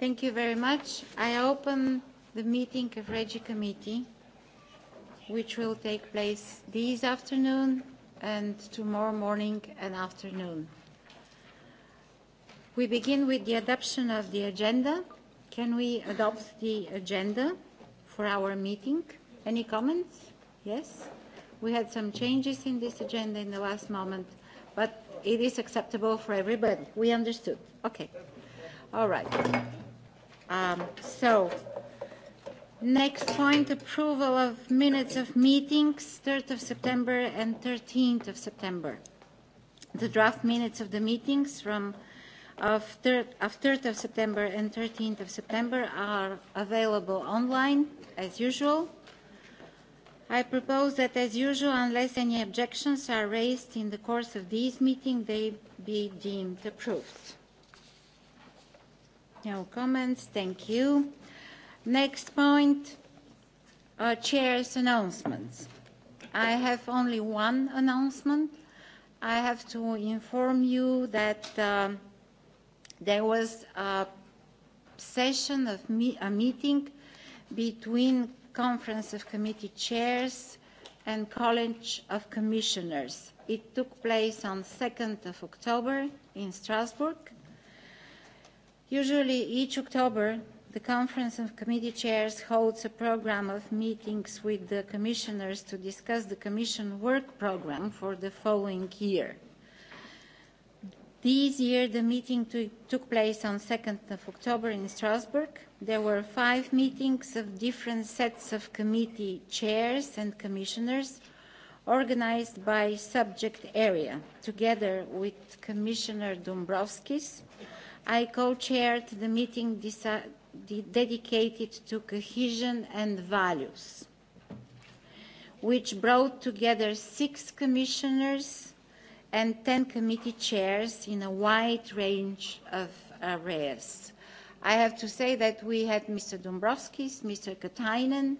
Thank you very much. I open the meeting of Regi Committee, which will take place this afternoon and tomorrow morning and afternoon. We begin with the adoption of the agenda. Can we adopt the agenda for our meeting? Any comments? Yes? We had some changes in this agenda in the last moment, but it is acceptable for everybody. We understood. Okay. All right. Um, so, next point, approval of minutes of meetings, 3rd of September and 13th of September. The draft minutes of the meetings from of 3rd, of 3rd of September and 13th of September are available online, as usual. I propose that, as usual, unless any objections are raised in the course of this meeting, they be deemed approved. No comments. Thank you. Next point, uh, chair's announcements. I have only one announcement. I have to inform you that um, there was a session of a meeting between Conference of Committee Chairs and College of Commissioners. It took place on 2nd of October in Strasbourg Usually each October, the Conference of Committee Chairs holds a program of meetings with the commissioners to discuss the Commission work program for the following year. This year, the meeting took place on 2nd of October in Strasbourg. There were five meetings of different sets of committee chairs and commissioners organized by subject area, together with Commissioner Dombrovskis, i co-chaired the meeting dedicated to cohesion and values, which brought together six commissioners and 10 committee chairs in a wide range of areas. I have to say that we had Mr. Dombrovskis, Mr. Katainen,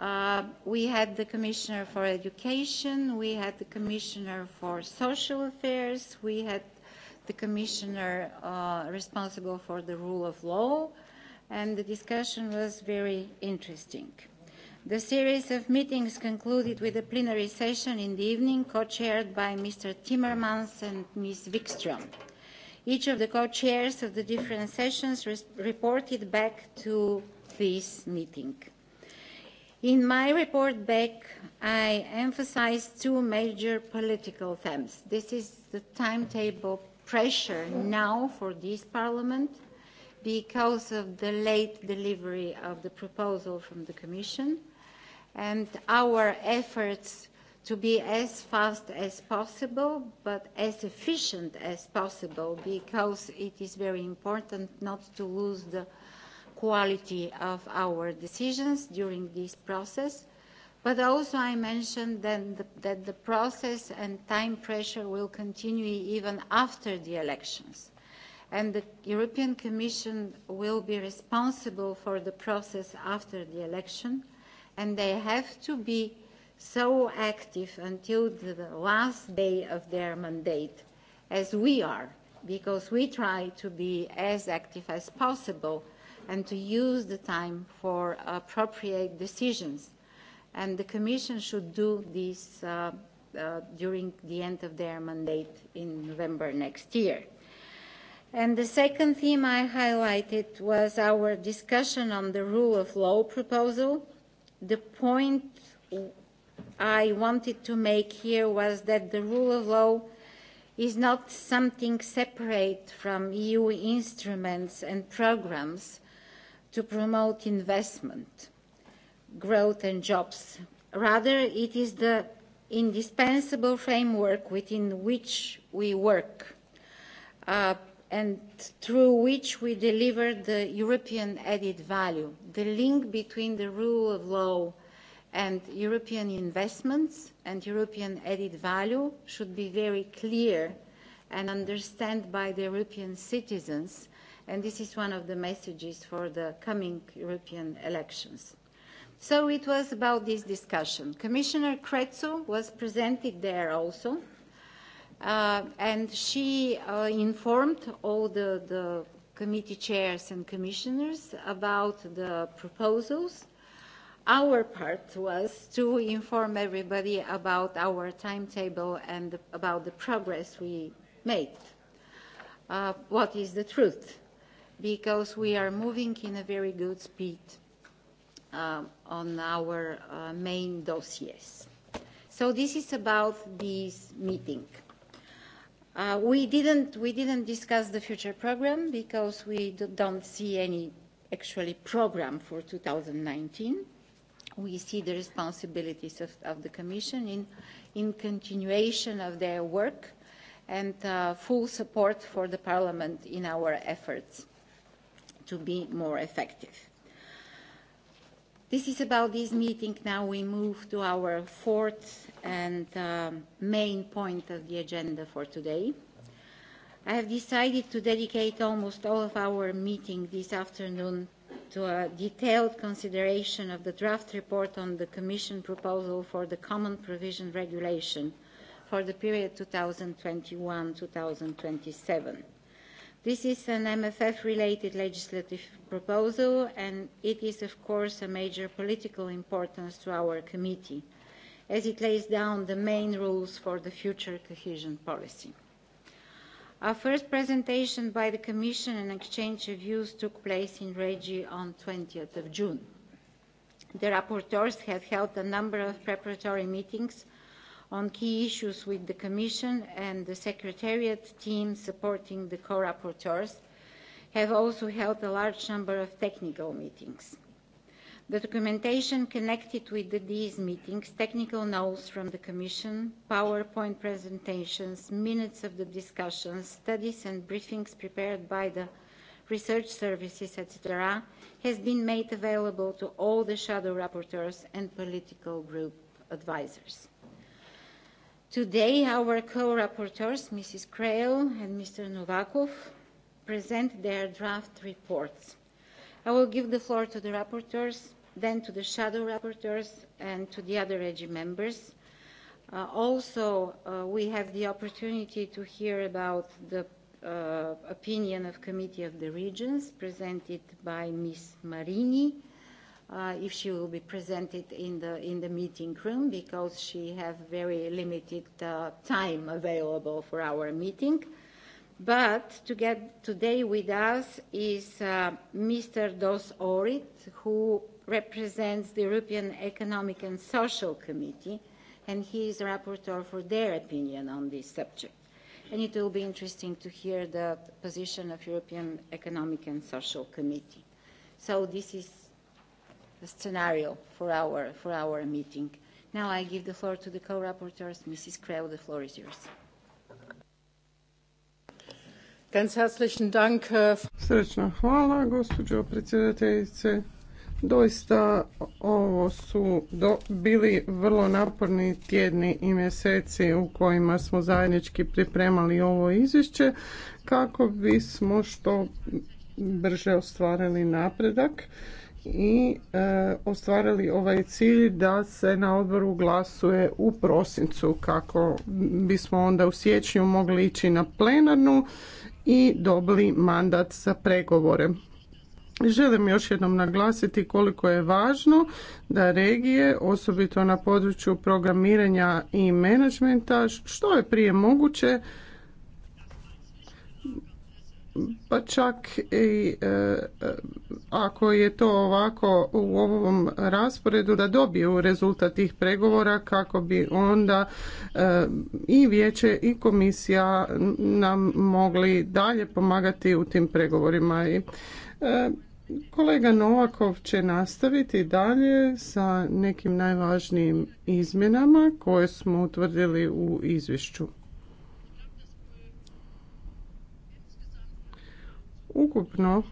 uh, we had the Commissioner for Education, we had the Commissioner for Social Affairs, we had the commissioner uh, responsible for the rule of law, and the discussion was very interesting. The series of meetings concluded with a plenary session in the evening co-chaired by Mr. Timmermans and Ms. Wikström. Each of the co-chairs of the different sessions reported back to this meeting. In my report back, I emphasized two major political themes. This is the timetable pressure now for this Parliament because of the late delivery of the proposal from the Commission and our efforts to be as fast as possible but as efficient as possible because it is very important not to lose the quality of our decisions during this process But also I mentioned then the, that the process and time pressure will continue even after the elections. And the European Commission will be responsible for the process after the election. And they have to be so active until the last day of their mandate as we are, because we try to be as active as possible and to use the time for appropriate decisions and the Commission should do this uh, uh, during the end of their mandate in November next year. And the second theme I highlighted was our discussion on the rule of law proposal. The point I wanted to make here was that the rule of law is not something separate from EU instruments and programs to promote investment growth and jobs. Rather, it is the indispensable framework within which we work uh, and through which we deliver the European added value. The link between the rule of law and European investments and European added value should be very clear and understood by the European citizens. And this is one of the messages for the coming European elections. So it was about this discussion. Commissioner Kretsu was presented there also, uh, and she uh, informed all the, the committee chairs and commissioners about the proposals. Our part was to inform everybody about our timetable and about the progress we made. Uh, what is the truth? Because we are moving in a very good speed. Uh, on our uh, main dossiers. So this is about this meeting. Uh, we didn't we didn't discuss the future program because we don't see any actually program for 2019. We see the responsibilities of, the Commission in in continuation of their work and full support for the Parliament in our efforts to be more effective. This is about this meeting. Now we move to our fourth and uh, main point of the agenda for today. I have decided to dedicate almost all of our meeting this afternoon to a detailed consideration of the draft report on the Commission proposal for the Common Provision Regulation for the period 2021-2027. This is an MFF-related legislative proposal, and it is, of course, a major political importance to our committee, as it lays down the main rules for the future cohesion policy. Our first presentation by the Commission and exchange of views took place in Regi on 20th of June. The rapporteurs have held a number of preparatory meetings on key issues with the Commission and the Secretariat team supporting the co-rapporteurs have also held a large number of technical meetings. The documentation connected with these meetings, technical notes from the Commission, PowerPoint presentations, minutes of the discussions, studies and briefings prepared by the research services, etc., has been made available to all the shadow rapporteurs and political group advisors. Today, our co-rapporteurs, Mrs. Creel and Mr. Novakov, present their draft reports. I will give the floor to the rapporteurs, then to the shadow rapporteurs and to the other REGI members. Uh, also, uh, we have the opportunity to hear about the uh, opinion of Committee of the Regions presented by Ms. Marini uh, if she will be presented in the in the meeting room because she has very limited uh, time available for our meeting. But to get today with us is uh, Mr. Dos Orit, who represents the European Economic and Social Committee, and he is rapporteur for their opinion on this subject. And it will be interesting to hear the position of European Economic and Social Committee. So this is scenario for our, for our meeting. Now I give the floor to the co-rapporteurs. Mrs. Krell, the floor is yours. Ganz herzlichen äh, hvala, gospođo predsjedateljice. Doista ovo su do, bili vrlo naporni tjedni i mjeseci u kojima smo zajednički pripremali ovo izvješće kako bismo što brže ostvarili napredak i e, ostvarili ovaj cilj da se na odboru glasuje u prosincu kako bismo onda u siječnju mogli ići na plenarnu i dobili mandat za pregovore. Želim još jednom naglasiti koliko je važno da regije, osobito na području programiranja i menadžmenta, što je prije moguće pa čak i e, e, ako je to ovako u ovom rasporedu da dobiju rezultat tih pregovora kako bi onda e, i vijeće i komisija nam mogli dalje pomagati u tim pregovorima i Kolega Novakov će nastaviti dalje sa nekim najvažnijim izmjenama koje smo utvrdili u izvješću. Ukupno,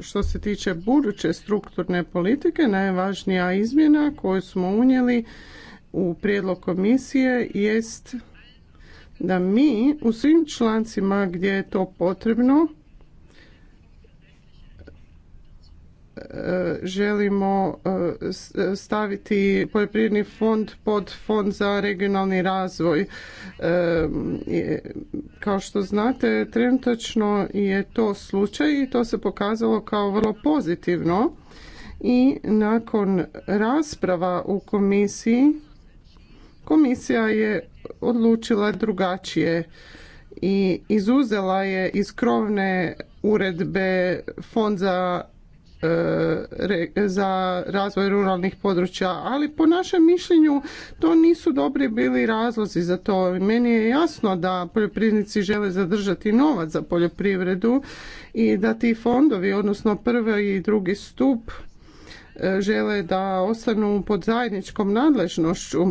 što se tiče buduće strukturne politike, najvažnija izmjena koju smo unijeli u prijedlog komisije jest da mi u svim člancima gdje je to potrebno želimo e, e, staviti poljoprivredni fond pod fond za regionalni razvoj. E, kao što znate, trenutačno je to slučaj i to se pokazalo kao vrlo pozitivno i nakon rasprava u komisiji komisija je odlučila drugačije i izuzela je iz krovne uredbe fond za E, za razvoj ruralnih područja, ali po našem mišljenju to nisu dobri bili razlozi za to. Meni je jasno da poljoprivrednici žele zadržati novac za poljoprivredu i da ti fondovi, odnosno prvi i drugi stup, e, žele da ostanu pod zajedničkom nadležnošću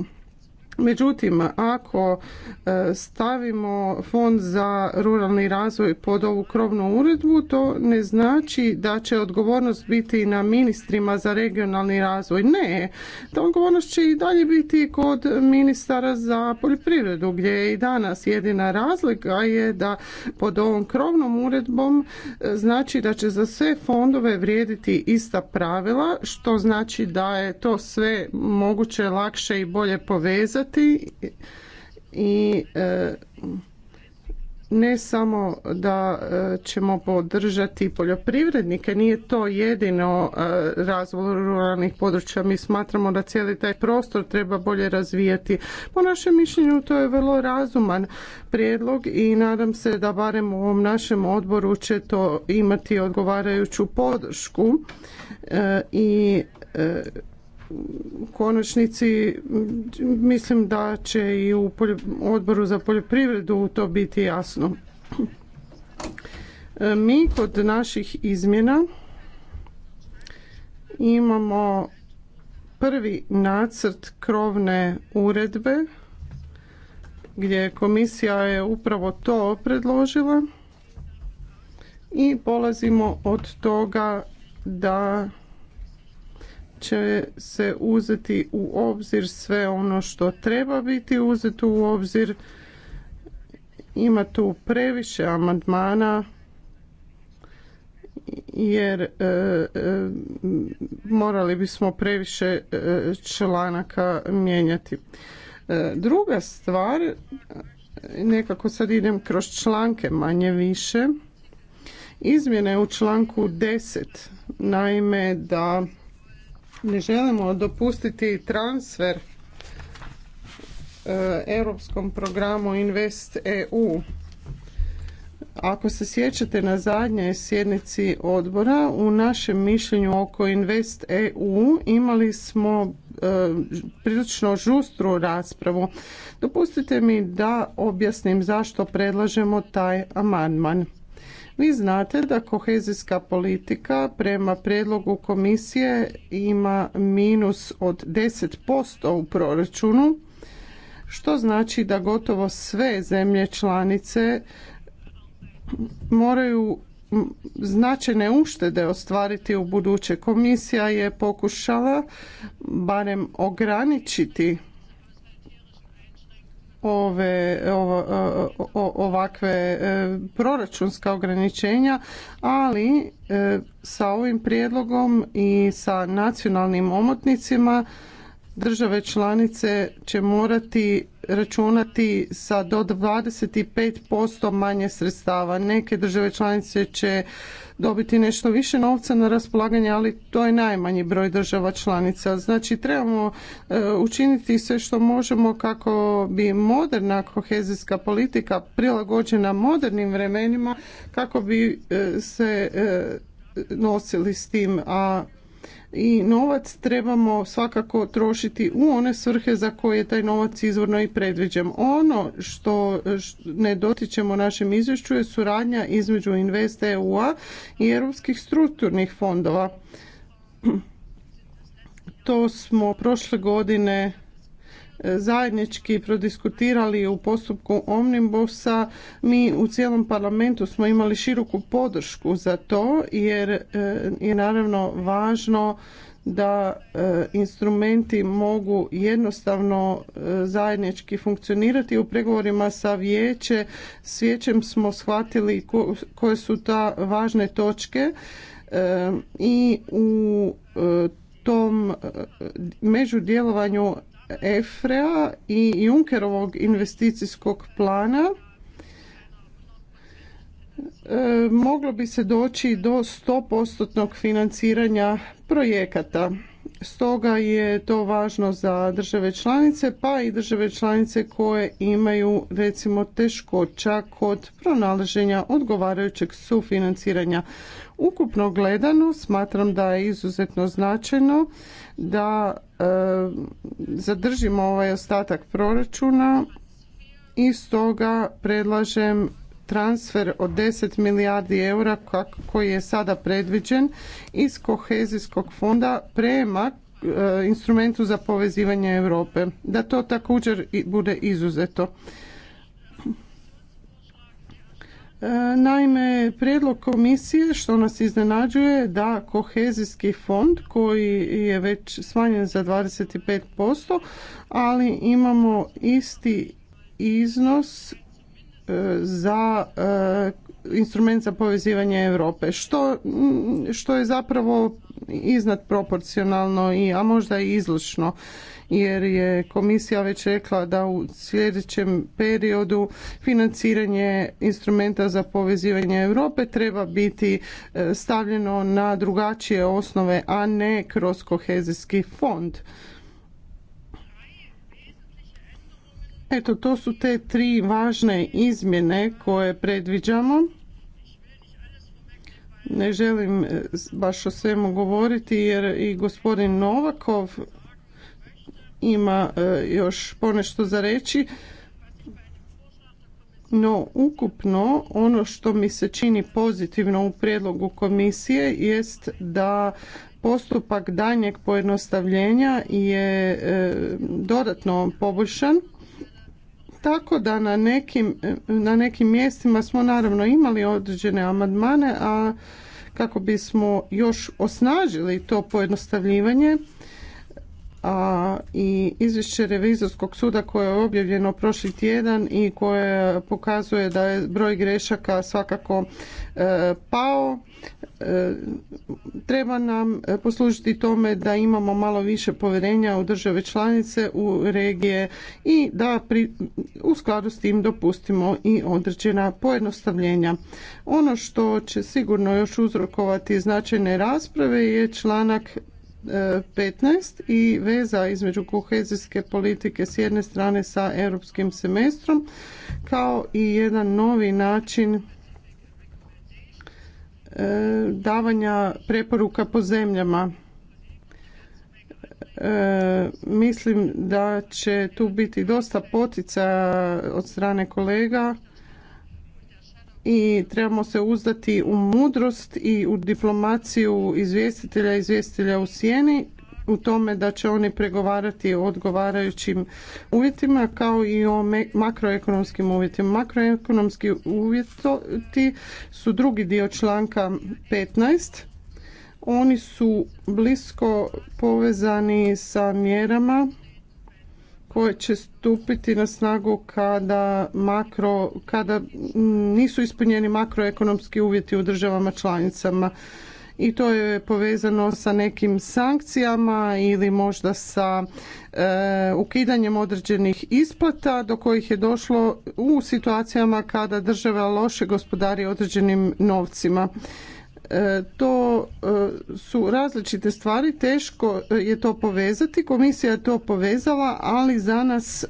Međutim, ako e, stavimo fond za ruralni razvoj pod ovu krovnu uredbu, to ne znači da će odgovornost biti na ministrima za regionalni razvoj. Ne, ta odgovornost će i dalje biti kod ministara za poljoprivredu, gdje je i danas jedina razlika je da pod ovom krovnom uredbom e, znači da će za sve fondove vrijediti ista pravila, što znači da je to sve moguće lakše i bolje povezati i e, ne samo da e, ćemo podržati poljoprivrednike, nije to jedino e, razvoj ruralnih područja. Mi smatramo da cijeli taj prostor treba bolje razvijati. Po našem mišljenju to je vrlo razuman prijedlog i nadam se da barem u ovom našem odboru će to imati odgovarajuću podršku i u konačnici mislim da će i u odboru za poljoprivredu to biti jasno. Mi kod naših izmjena imamo prvi nacrt krovne uredbe gdje komisija je upravo to predložila i polazimo od toga da će se uzeti u obzir sve ono što treba biti uzeto u obzir. Ima tu previše amandmana jer e, e, morali bismo previše e, članaka mijenjati. druga stvar, nekako sad idem kroz članke manje više, izmjene u članku 10. Naime, da ne želimo dopustiti transfer e, europskom programu Invest EU. Ako se sjećate na zadnje sjednici odbora, u našem mišljenju oko Invest EU imali smo e, prilično žustru raspravu. Dopustite mi da objasnim zašto predlažemo taj amandman. Vi znate da kohezijska politika prema predlogu komisije ima minus od 10% u proračunu, što znači da gotovo sve zemlje članice moraju značajne uštede ostvariti u buduće. Komisija je pokušala barem ograničiti ove ovakve e, proračunska ograničenja, ali e, sa ovim prijedlogom i sa nacionalnim omotnicima države članice će morati računati sa do 25% manje sredstava. Neke države članice će dobiti nešto više novca na raspolaganje, ali to je najmanji broj država članica. Znači trebamo e, učiniti sve što možemo kako bi moderna kohezijska politika prilagođena modernim vremenima kako bi e, se e, nosili s tim, a i novac trebamo svakako trošiti u one svrhe za koje je taj novac izvorno i predviđen. Ono što ne dotičemo našem izvješću je suradnja između Invest EU-a i europskih strukturnih fondova. To smo prošle godine zajednički prodiskutirali u postupku Omnibusa, mi u cijelom parlamentu smo imali široku podršku za to jer eh, je naravno važno da eh, instrumenti mogu jednostavno eh, zajednički funkcionirati. U pregovorima sa vijeće, s vijećem smo shvatili koje su ta važne točke i u tom međudjelovanju EFRE-a i Junkerovog investicijskog plana e, moglo bi se doći do 100% financiranja projekata. Stoga je to važno za države članice, pa i države članice koje imaju recimo teškoća kod pronalaženja odgovarajućeg sufinanciranja. Ukupno gledano smatram da je izuzetno značajno da e, zadržimo ovaj ostatak proračuna i stoga predlažem transfer od 10 milijardi eura koji je sada predviđen iz kohezijskog fonda prema e, instrumentu za povezivanje Europe. Da to također bude izuzeto. Naime, prijedlog komisije što nas iznenađuje da kohezijski fond koji je već smanjen za 25%, ali imamo isti iznos e, za e, instrument za povezivanje Europe, što, je zapravo iznad proporcionalno i, a možda i izlučno jer je komisija već rekla da u sljedećem periodu financiranje instrumenta za povezivanje Europe treba biti e, stavljeno na drugačije osnove, a ne kroz kohezijski fond. Eto, to su te tri važne izmjene koje predviđamo. Ne želim e, baš o svemu govoriti jer i gospodin Novakov ima e, još ponešto za reći. No, ukupno ono što mi se čini pozitivno u prijedlogu komisije jest da postupak danjeg pojednostavljenja je e, dodatno poboljšan tako da na nekim, na nekim mjestima smo naravno imali određene amandmane, a kako bismo još osnažili to pojednostavljivanje, a i izvješće revizorskog suda koje je objavljeno prošli tjedan i koje pokazuje da je broj grešaka svakako e, pao e, treba nam poslužiti tome da imamo malo više povjerenja u države članice, u regije i da u skladu s tim dopustimo i određena pojednostavljenja. Ono što će sigurno još uzrokovati značajne rasprave je članak 15 i veza između kohezijske politike s jedne strane sa europskim semestrom kao i jedan novi način e, davanja preporuka po zemljama. E, mislim da će tu biti dosta potica od strane kolega i trebamo se uzdati u mudrost i u diplomaciju izvjestitelja i izvjestitelja u sjeni u tome da će oni pregovarati o odgovarajućim uvjetima kao i o makroekonomskim uvjetima. Makroekonomski uvjeti su drugi dio članka 15. Oni su blisko povezani sa mjerama koje će stupiti na snagu kada, makro, kada nisu ispunjeni makroekonomski uvjeti u državama članicama i to je povezano sa nekim sankcijama ili možda sa e, ukidanjem određenih isplata do kojih je došlo u situacijama kada država loše gospodari određenim novcima. E, to e, su različite stvari, teško je to povezati, komisija je to povezala, ali za nas e,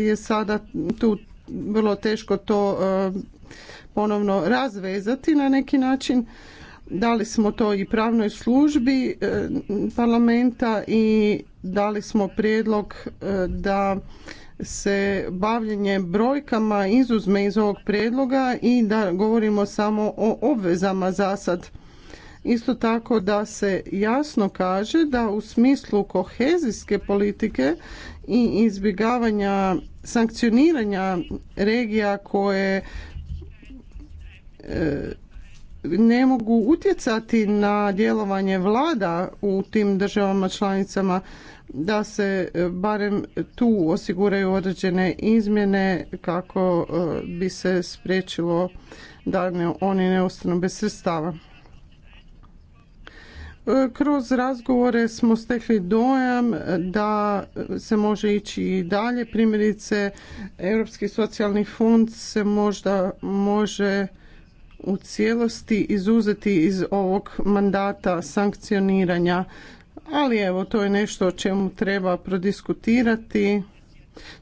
je sada tu vrlo teško to ponovno razvezati na neki način. Dali smo to i pravnoj službi parlamenta i dali smo prijedlog da se bavljenje brojkama izuzme iz ovog prijedloga i da govorimo samo o obvezama za sad. Isto tako da se jasno kaže da u smislu kohezijske politike i izbjegavanja sankcioniranja regija koje e, ne mogu utjecati na djelovanje vlada u tim državama članicama da se e, barem tu osiguraju određene izmjene kako e, bi se spriječilo da oni ne ostanu bez sredstava. E, kroz razgovore smo stekli dojam da se može ići i dalje. Primjerice, Europski socijalni fond se možda može u cijelosti izuzeti iz ovog mandata sankcioniranja ali evo, to je nešto o čemu treba prodiskutirati.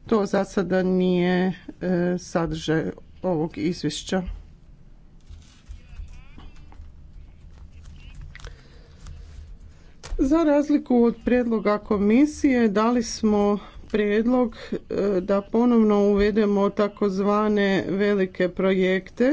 To za sada nije e, sadržaj ovog izvješća. Za razliku od prijedloga komisije dali smo prijedlog e, da ponovno uvedemo takozvane velike projekte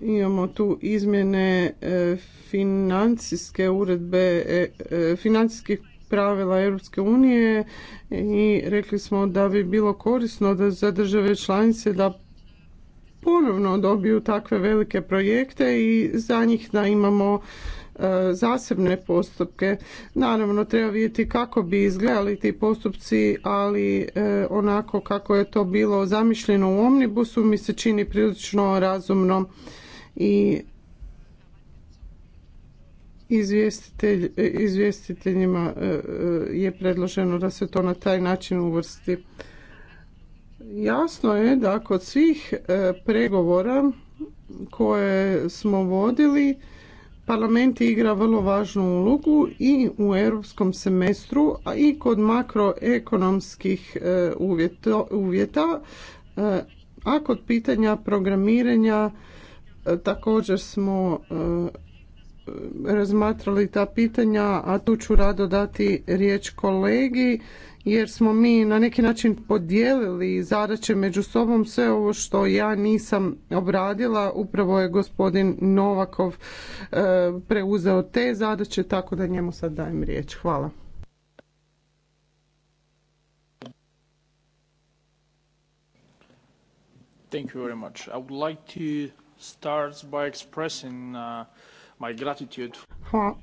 imamo tu izmjene e, financijske uredbe, e, e, financijskih pravila Europske unije i rekli smo da bi bilo korisno da za države članice da ponovno dobiju takve velike projekte i za njih da imamo E, zasebne postupke. Naravno, treba vidjeti kako bi izgledali ti postupci, ali e, onako kako je to bilo zamišljeno u omnibusu mi se čini prilično razumno i e, izvjestiteljima je predloženo da se to na taj način uvrsti. Jasno je da kod svih pregovora koje smo vodili Parlament igra vrlo važnu ulogu i u europskom semestru, a i kod makroekonomskih e, uvjeta, e, a kod pitanja programiranja e, također smo razmatrali ta pitanja, a tu ću rado dati riječ kolegi jer smo mi na neki način podijelili zadaće među sobom. Sve ovo što ja nisam obradila, upravo je gospodin Novakov e, preuzeo te zadaće, tako da njemu sad dajem riječ. Hvala. Thank you very much. I would like to start by expressing uh,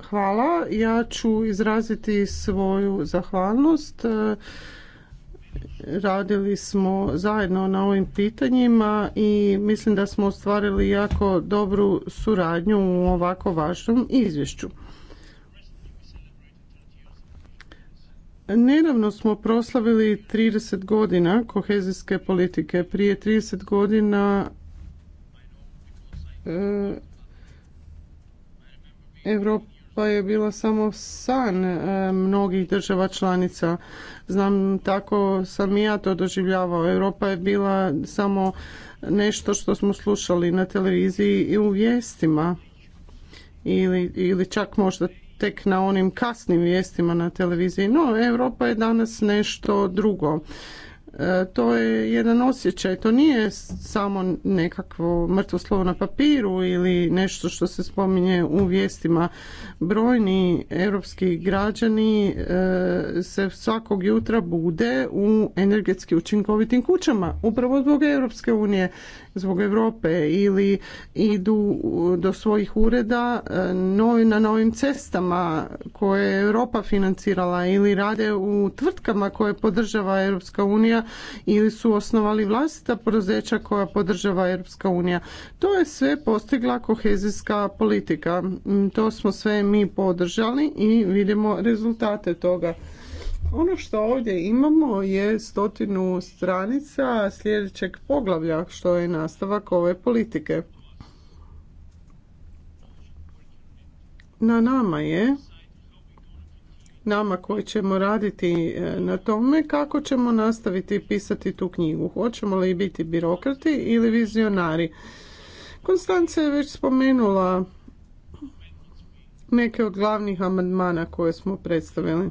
Hvala. Ja ću izraziti svoju zahvalnost. E, radili smo zajedno na ovim pitanjima i mislim da smo ostvarili jako dobru suradnju u ovako važnom izvješću. Nedavno smo proslavili 30 godina kohezijske politike. Prije 30 godina e, Europa je bila samo san e, mnogih država članica. Znam, tako sam i ja to doživljavao. Europa je bila samo nešto što smo slušali na televiziji i u vijestima. Ili, ili čak možda tek na onim kasnim vijestima na televiziji. No, Europa je danas nešto drugo. E, to je jedan osjećaj, to nije samo nekakvo mrtvo slovo na papiru ili nešto što se spominje u vijestima. Brojni europski građani e, se svakog jutra bude u energetski učinkovitim kućama, upravo zbog Europske unije zbog Europe ili idu do svojih ureda e, na novim cestama koje je Europa financirala ili rade u tvrtkama koje podržava Europska unija ili su osnovali vlastita poduzeća koja podržava Europska unija. To je sve postigla kohezijska politika. Mm, to smo sve mi podržali i vidimo rezultate toga. Ono što ovdje imamo je stotinu stranica sljedećeg poglavlja što je nastavak ove politike. Na nama je nama koji ćemo raditi e, na tome kako ćemo nastaviti pisati tu knjigu. Hoćemo li biti birokrati ili vizionari? Konstanca je već spomenula neke od glavnih amandmana koje smo predstavili.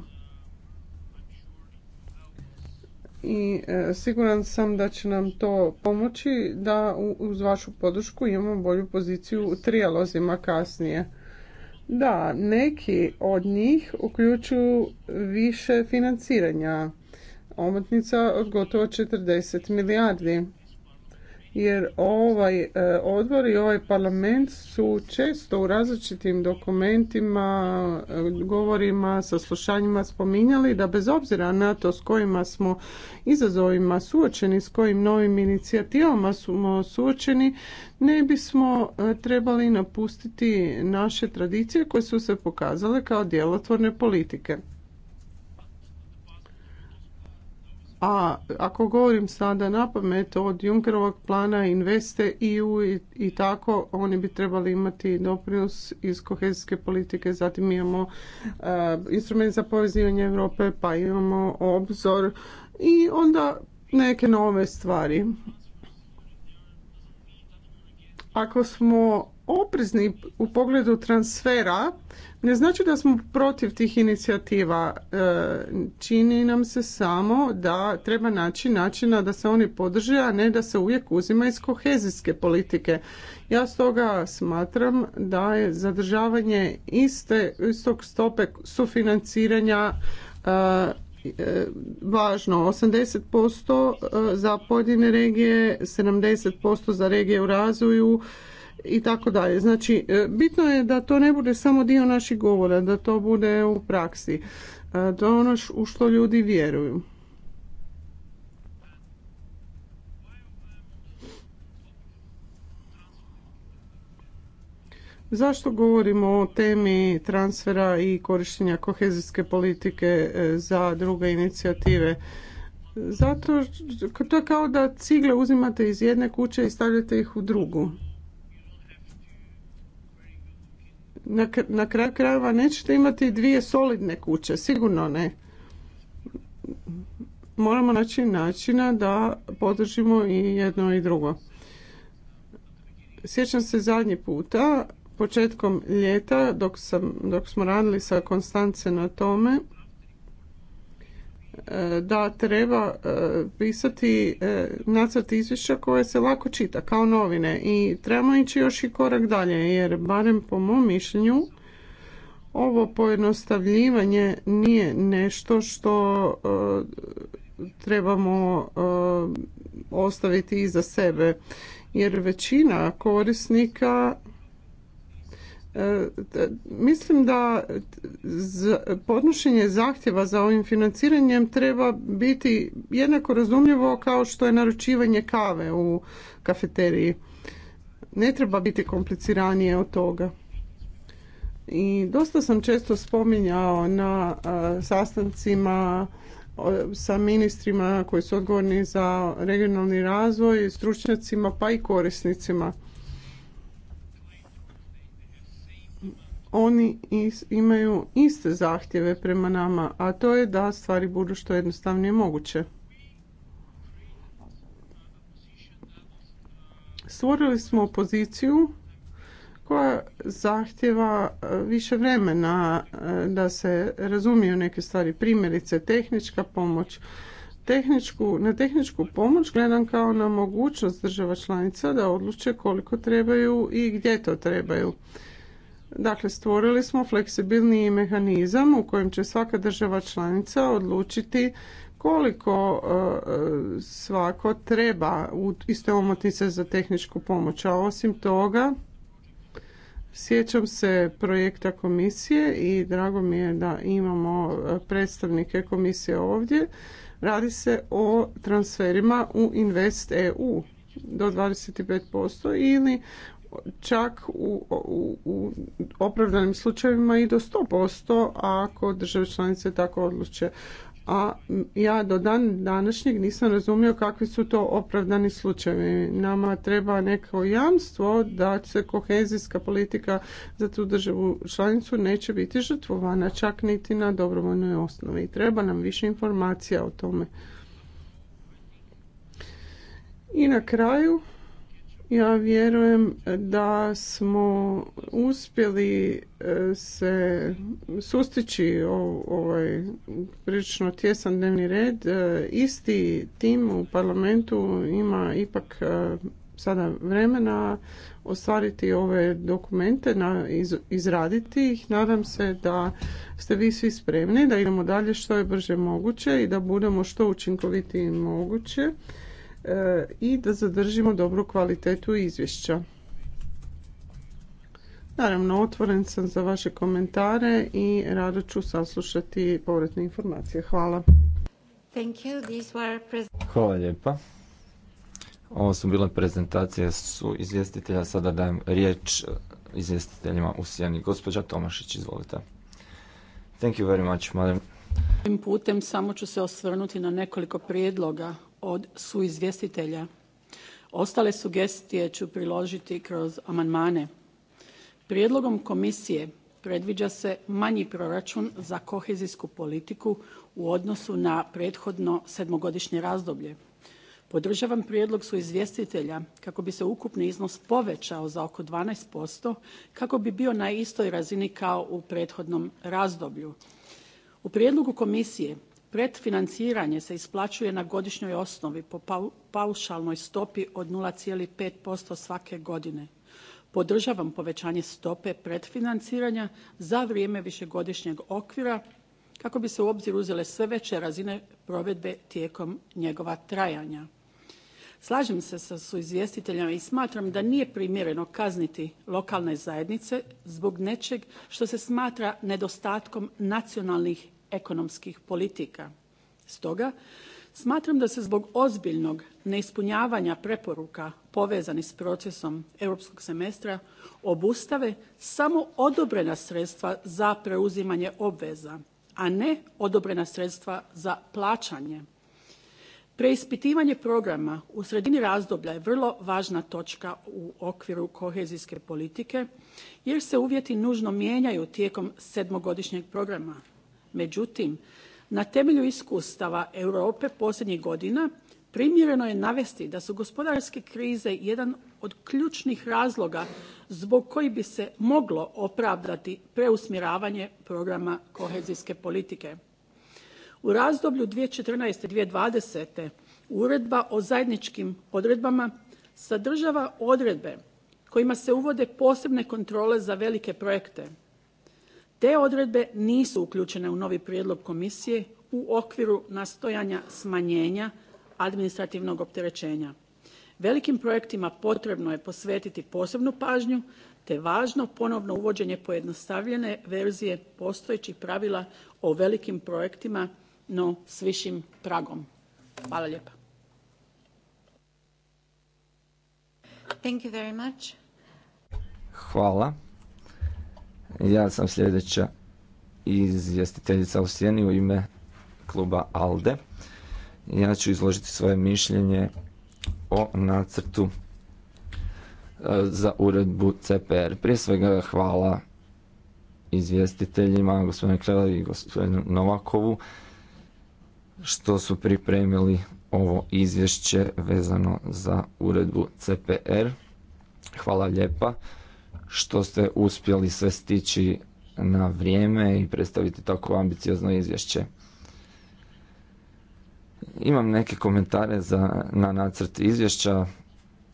i e, siguran sam da će nam to pomoći da uz vašu podršku imamo bolju poziciju u trijalozima kasnije. Da, neki od njih uključuju više financiranja, omotnica od gotovo 40 milijardi jer ovaj e, odbor i ovaj parlament su često u različitim dokumentima, e, govorima, saslušanjima spominjali da bez obzira na to s kojima smo izazovima suočeni, s kojim novim inicijativama smo suočeni, ne bismo e, trebali napustiti naše tradicije koje su se pokazale kao djelotvorne politike. A ako govorim sada na pamet od Junkerovog plana Investe EU i tako, oni bi trebali imati doprinos iz kohezijske politike. Zatim imamo e, instrument za povezivanje Europe, pa imamo obzor i onda neke nove stvari. Ako smo oprezni u pogledu transfera ne znači da smo protiv tih inicijativa. E, čini nam se samo da treba naći načina da se oni podrže, a ne da se uvijek uzima iz kohezijske politike. Ja stoga smatram da je zadržavanje iste, istog stope sufinanciranja e, e, važno. 80% za pojedine regije, 70% za regije u razvoju, i tako dalje. Znači, e, bitno je da to ne bude samo dio naših govora, da to bude u praksi. E, to je ono u što ljudi vjeruju. Zašto govorimo o temi transfera i korištenja kohezijske politike e, za druge inicijative? Zato to je kao da cigle uzimate iz jedne kuće i stavljate ih u drugu. na kraju krajeva nećete imati dvije solidne kuće, sigurno ne. Moramo naći načina da podržimo i jedno i drugo. Sjećam se zadnji puta, početkom ljeta, dok, sam, dok smo radili sa Konstance na tome, da treba e, pisati e, nacrt izvješća koje se lako čita kao novine i trebamo ići još i korak dalje jer barem po mom mišljenju ovo pojednostavljivanje nije nešto što e, trebamo ostaviti iza sebe jer većina korisnika E, mislim da podnošenje zahtjeva za ovim financiranjem treba biti jednako razumljivo kao što je naručivanje kave u kafeteriji. Ne treba biti kompliciranije od toga. I dosta sam često spominjao na e, sastancima sa ministrima koji su odgovorni za regionalni razvoj, stručnjacima pa i korisnicima. oni imaju iste zahtjeve prema nama, a to je da stvari budu što jednostavnije moguće. Stvorili smo poziciju koja zahtjeva e, više vremena e, da se razumiju neke stvari, primjerice tehnička pomoć. Tehničku, na tehničku pomoć gledam kao na mogućnost država članica da odluče koliko trebaju i gdje to trebaju. Dakle, stvorili smo fleksibilniji mehanizam u kojem će svaka država članica odlučiti koliko e, svako treba istoj omotnice za tehničku pomoć. A osim toga, sjećam se projekta komisije i drago mi je da imamo e, predstavnike komisije ovdje. Radi se o transferima u Invest EU do 25% ili čak u, u, u opravdanim slučajevima i do 100% ako države članice tako odluče. A ja do dan današnjeg nisam razumio kakvi su to opravdani slučajevi. Nama treba neko jamstvo da se kohezijska politika za tu državu članicu neće biti žrtvovana, čak niti na dobrovoljnoj osnovi. Treba nam više informacija o tome. I na kraju ja vjerujem da smo uspjeli e, se sustići ovaj prilično tjesan dnevni red. E, isti tim u parlamentu ima ipak e, sada vremena ostvariti ove dokumente, izraditi ih. Nadam se da ste vi svi spremni, da idemo dalje što je brže moguće i da budemo što učinkovitiji moguće. E, i da zadržimo dobru kvalitetu izvješća. Naravno, otvoren sam za vaše komentare i rado ću saslušati povratne informacije. Hvala. Hvala lijepa. Ovo su bile prezentacije su izvjestitelja. Sada dajem riječ izvjestiteljima u sjeni. Gospođa Tomašić, izvolite. Thank you Putem samo ću se osvrnuti na nekoliko prijedloga od suizvjestitelja. Ostale sugestije ću priložiti kroz amandmane. Prijedlogom komisije predviđa se manji proračun za kohezijsku politiku u odnosu na prethodno sedmogodišnje razdoblje. Podržavam prijedlog su izvjestitelja kako bi se ukupni iznos povećao za oko 12% kako bi bio na istoj razini kao u prethodnom razdoblju. U prijedlogu komisije Pretfinanciranje se isplaćuje na godišnjoj osnovi po paušalnoj stopi od 0,5% svake godine. Podržavam povećanje stope pretfinanciranja za vrijeme višegodišnjeg okvira kako bi se u obzir uzele sve veće razine provedbe tijekom njegova trajanja. Slažem se sa suizvjestiteljima i smatram da nije primjereno kazniti lokalne zajednice zbog nečeg što se smatra nedostatkom nacionalnih ekonomskih politika. Stoga, smatram da se zbog ozbiljnog neispunjavanja preporuka povezanih s procesom europskog semestra obustave samo odobrena sredstva za preuzimanje obveza, a ne odobrena sredstva za plaćanje. Preispitivanje programa u sredini razdoblja je vrlo važna točka u okviru kohezijske politike jer se uvjeti nužno mijenjaju tijekom sedmogodišnjeg programa. Međutim, na temelju iskustava Europe posljednjih godina primjereno je navesti da su gospodarske krize jedan od ključnih razloga zbog kojih bi se moglo opravdati preusmjeravanje programa kohezijske politike. U razdoblju 2014.-2020. Uredba o zajedničkim odredbama sadržava odredbe kojima se uvode posebne kontrole za velike projekte, te odredbe nisu uključene u novi prijedlog komisije u okviru nastojanja smanjenja administrativnog opterećenja. Velikim projektima potrebno je posvetiti posebnu pažnju te važno ponovno uvođenje pojednostavljene verzije postojećih pravila o velikim projektima, no s višim pragom. Hvala lijepa. Hvala. Ja sam sljedeća izvjestiteljica u sjeni u ime kluba ALDE. Ja ću izložiti svoje mišljenje o nacrtu e, za uredbu CPR. Prije svega hvala izvjestiteljima, gospodinu Krelju i gospodinu Novakovu, što su pripremili ovo izvješće vezano za uredbu CPR. Hvala lijepa što ste uspjeli sve stići na vrijeme i predstaviti tako ambiciozno izvješće. Imam neke komentare za, na nacrt izvješća,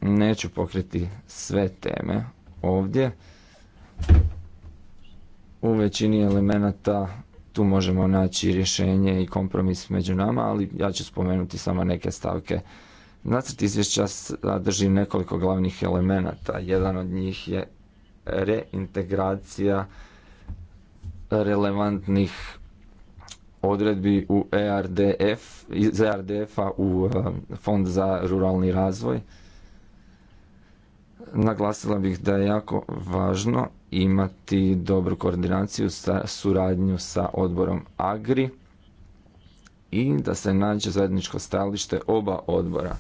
neću pokriti sve teme ovdje. U većini elemenata tu možemo naći rješenje i kompromis među nama, ali ja ću spomenuti samo neke stavke. Nacrt izvješća sadrži nekoliko glavnih elemenata. Jedan od njih je reintegracija relevantnih odredbi u ERDF, iz ERDF-a u um, Fond za ruralni razvoj. Naglasila bih da je jako važno imati dobru koordinaciju sa suradnju sa odborom AGRI i da se nađe zajedničko stajalište oba odbora.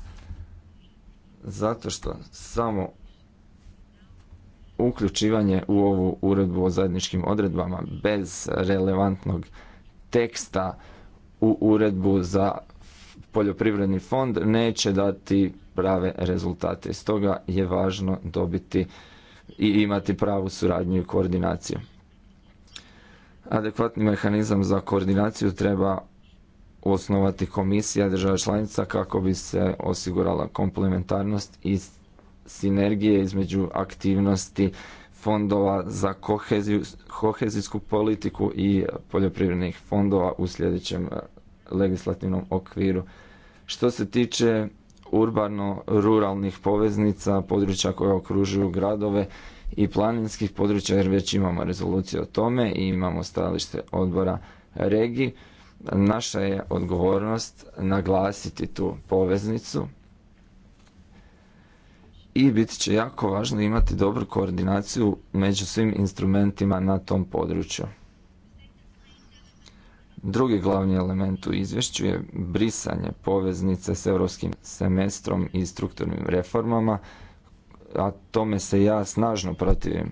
Zato što samo uključivanje u ovu uredbu o zajedničkim odredbama bez relevantnog teksta u uredbu za poljoprivredni fond neće dati prave rezultate. Stoga je važno dobiti i imati pravu suradnju i koordinaciju. Adekvatni mehanizam za koordinaciju treba osnovati komisija država članica kako bi se osigurala komplementarnost i sinergije između aktivnosti fondova za kohezijsku politiku i poljoprivrednih fondova u sljedećem e, legislativnom okviru. Što se tiče urbano-ruralnih poveznica, područja koje okružuju gradove i planinskih područja, jer već imamo rezoluciju o tome i imamo stajalište odbora regi, naša je odgovornost naglasiti tu poveznicu i bit će jako važno imati dobru koordinaciju među svim instrumentima na tom području. Drugi glavni element u izvješću je brisanje poveznice s europskim semestrom i strukturnim reformama, a tome se ja snažno protivim.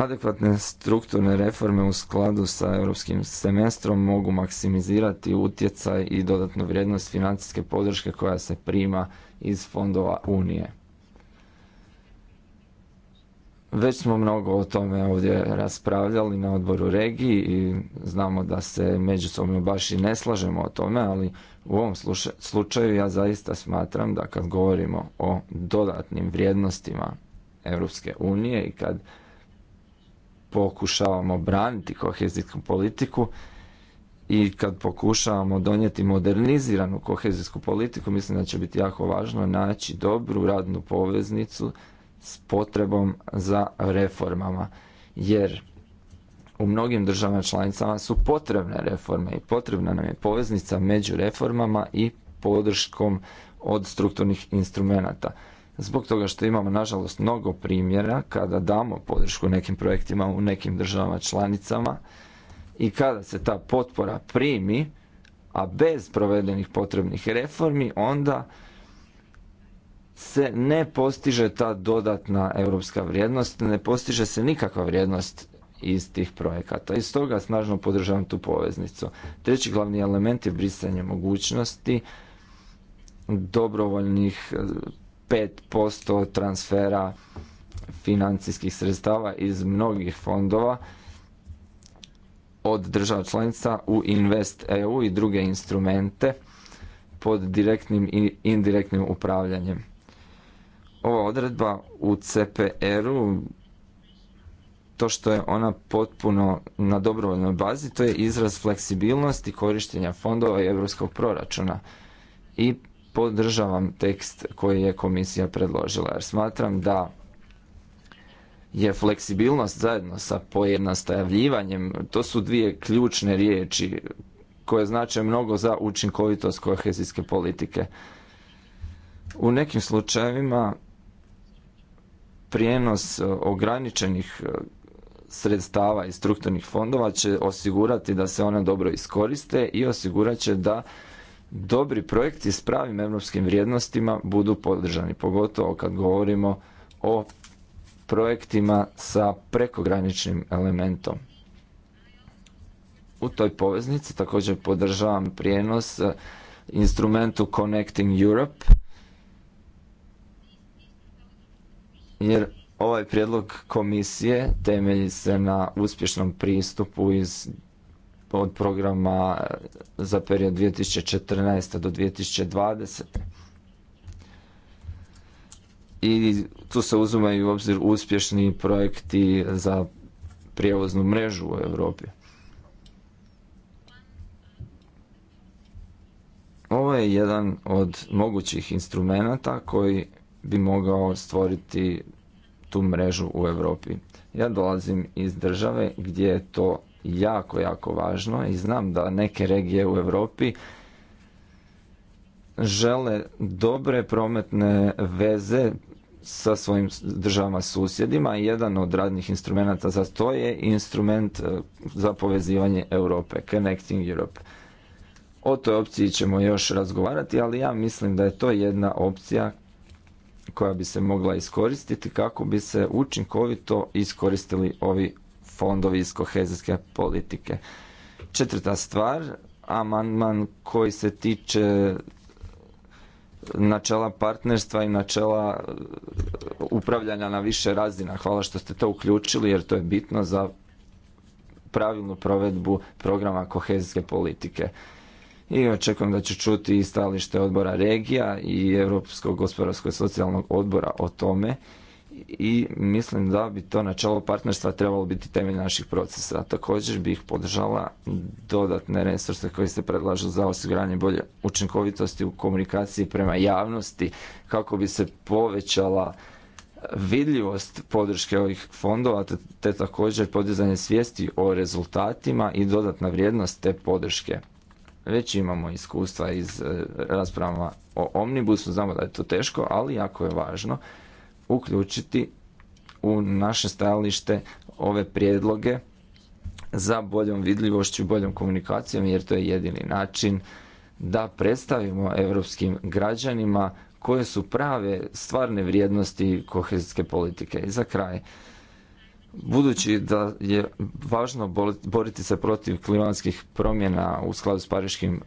Adekvatne strukturne reforme u skladu sa europskim semestrom mogu maksimizirati utjecaj i dodatnu vrijednost financijske podrške koja se prima iz fondova Unije. Već smo mnogo o tome ovdje raspravljali na odboru regiji i znamo da se međusobno baš i ne slažemo o tome, ali u ovom slučaju ja zaista smatram da kad govorimo o dodatnim vrijednostima Europske unije i kad pokušavamo braniti kohezijsku politiku i kad pokušavamo donijeti moderniziranu kohezijsku politiku, mislim da će biti jako važno naći dobru radnu poveznicu s potrebom za reformama. Jer u mnogim državama članicama su potrebne reforme i potrebna nam je poveznica među reformama i podrškom od strukturnih instrumenata zbog toga što imamo nažalost mnogo primjera kada damo podršku nekim projektima u nekim državama članicama i kada se ta potpora primi, a bez provedenih potrebnih reformi, onda se ne postiže ta dodatna europska vrijednost, ne postiže se nikakva vrijednost iz tih projekata. I stoga snažno podržavam tu poveznicu. Treći glavni element je brisanje mogućnosti dobrovoljnih 5% transfera financijskih sredstava iz mnogih fondova od država članica u Invest EU i druge instrumente pod direktnim i indirektnim upravljanjem. Ova odredba u CPR-u to što je ona potpuno na dobrovoljnoj bazi, to je izraz fleksibilnosti korištenja fondova i europskog proračuna. I podržavam tekst koji je komisija predložila jer smatram da je fleksibilnost zajedno sa pojednostavljivanjem, to su dvije ključne riječi koje znače mnogo za učinkovitost kohezijske politike. U nekim slučajevima prijenos ograničenih sredstava i strukturnih fondova će osigurati da se ona dobro iskoriste i osigurat će da dobri projekti s pravim europskim vrijednostima budu podržani, pogotovo kad govorimo o projektima sa prekograničnim elementom. U toj poveznici također podržavam prijenos e, instrumentu Connecting Europe, jer ovaj prijedlog komisije temelji se na uspješnom pristupu iz od programa eh, za period 2014. do 2020. I tu se uzimaju u obzir uspješni projekti za prijevoznu mrežu u Europi. Ovo je jedan od mogućih instrumenata koji bi mogao stvoriti tu mrežu u Europi. Ja dolazim iz države gdje je to jako, jako važno i znam da neke regije u Europi žele dobre prometne veze sa svojim državama susjedima i jedan od radnih instrumenata za to je instrument e, za povezivanje Europe, Connecting Europe. O toj opciji ćemo još razgovarati, ali ja mislim da je to jedna opcija koja bi se mogla iskoristiti kako bi se učinkovito iskoristili ovi fondovi iz kohezijske politike. Četvrta stvar, amandman koji se tiče načela partnerstva i načela uh, upravljanja na više razina. Hvala što ste to uključili jer to je bitno za pravilnu provedbu programa kohezijske politike. I očekujem da ću čuti i stalište odbora regija i Europskog gospodarskog socijalnog odbora o tome i mislim da bi to načelo partnerstva trebalo biti temelj naših procesa. Također bih podržala dodatne resurse koji se predlažu za osiguranje bolje učinkovitosti u komunikaciji prema javnosti kako bi se povećala vidljivost podrške ovih fondova te, također podizanje svijesti o rezultatima i dodatna vrijednost te podrške već imamo iskustva iz eh, raspravama o omnibusu, znamo da je to teško, ali jako je važno uključiti u naše stajalište ove prijedloge za boljom vidljivošću i boljom komunikacijom jer to je jedini način da predstavimo europskim građanima koje su prave stvarne vrijednosti kohezijske politike. I za kraj, budući da je važno boriti se protiv klimatskih promjena u skladu s pariškim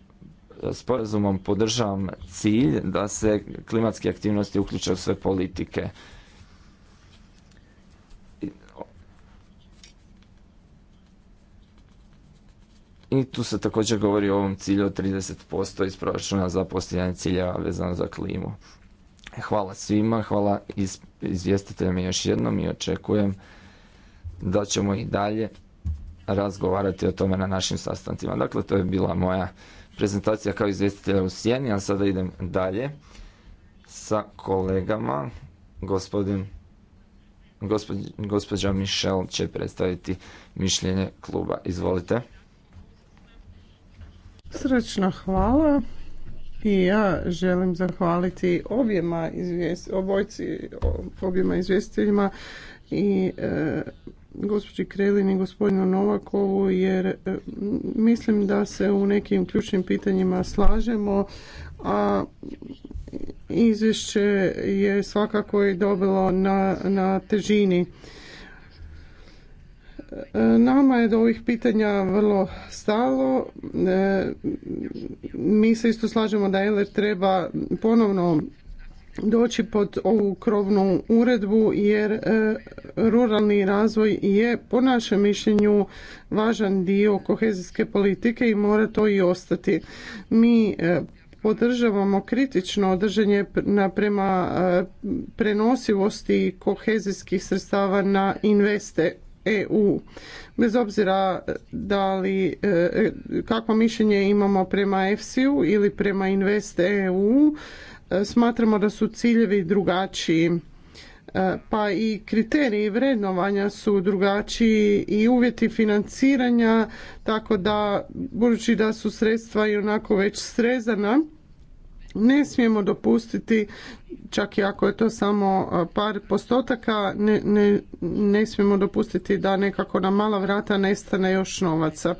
sporazumom podržavam cilj da se klimatske aktivnosti uključe u sve politike. I tu se također govori o ovom cilju od 30% iz proračuna za postavljanje cilja vezano za klimu. Hvala svima, hvala iz, izvjestiteljima još jednom i očekujem da ćemo i dalje razgovarati o tome na našim sastancima. Dakle, to je bila moja prezentacija kao izvjestitelja u sjeni, a sada idem dalje sa kolegama. Gospodin, gospođa Mišel će predstaviti mišljenje kluba. Izvolite. Srećna hvala. I ja želim zahvaliti objema izvijest, obojci, objema izvjestiteljima i e, gospođi Krelin i gospodinu Novakovu jer e, mislim da se u nekim ključnim pitanjima slažemo, a izvješće je svakako i dobilo na, na težini. E, nama je do ovih pitanja vrlo stalo. E, mi se isto slažemo da LR treba ponovno doći pod ovu krovnu uredbu jer e, ruralni razvoj je po našem mišljenju važan dio kohezijske politike i mora to i ostati. Mi e, podržavamo kritično održanje prema e, prenosivosti kohezijskih sredstava na investe EU. Bez obzira da li kakvo mišljenje imamo prema EFSI-u ili prema investe EU, E, smatramo da su ciljevi drugačiji e, pa i kriteriji vrednovanja su drugačiji i uvjeti financiranja, tako da budući da su sredstva i onako već srezana, ne smijemo dopustiti, čak i ako je to samo e, par postotaka, ne, ne, ne smijemo dopustiti da nekako na mala vrata nestane još novaca.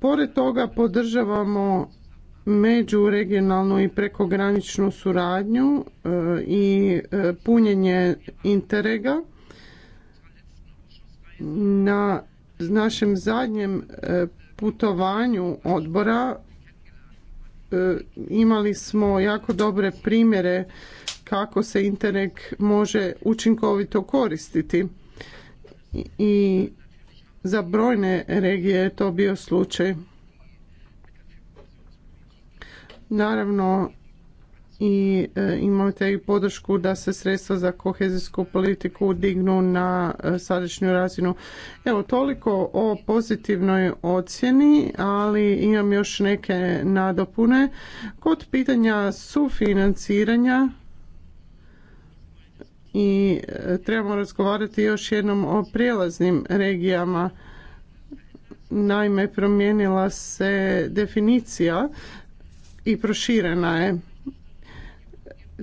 Pored toga podržavamo međuregionalnu i prekograničnu suradnju e, i e, punjenje interega. Na našem zadnjem e, putovanju odbora imali smo jako dobre primjere kako se Interreg može učinkovito koristiti i za brojne regije je to bio slučaj. Naravno, i e, imate i podršku da se sredstva za kohezijsku politiku dignu na e, sadašnju razinu. Evo toliko o pozitivnoj ocjeni, ali imam još neke nadopune. Kod pitanja sufinanciranja i e, trebamo razgovarati još jednom o prijelaznim regijama. Naime, promijenila se definicija i proširena je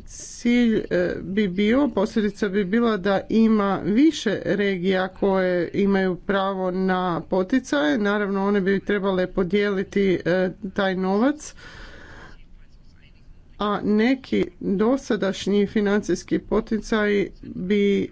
cilj e, bi bio, posljedica bi bila da ima više regija koje imaju pravo na poticaje. Naravno, one bi trebale podijeliti e, taj novac. A neki dosadašnji financijski poticaji bi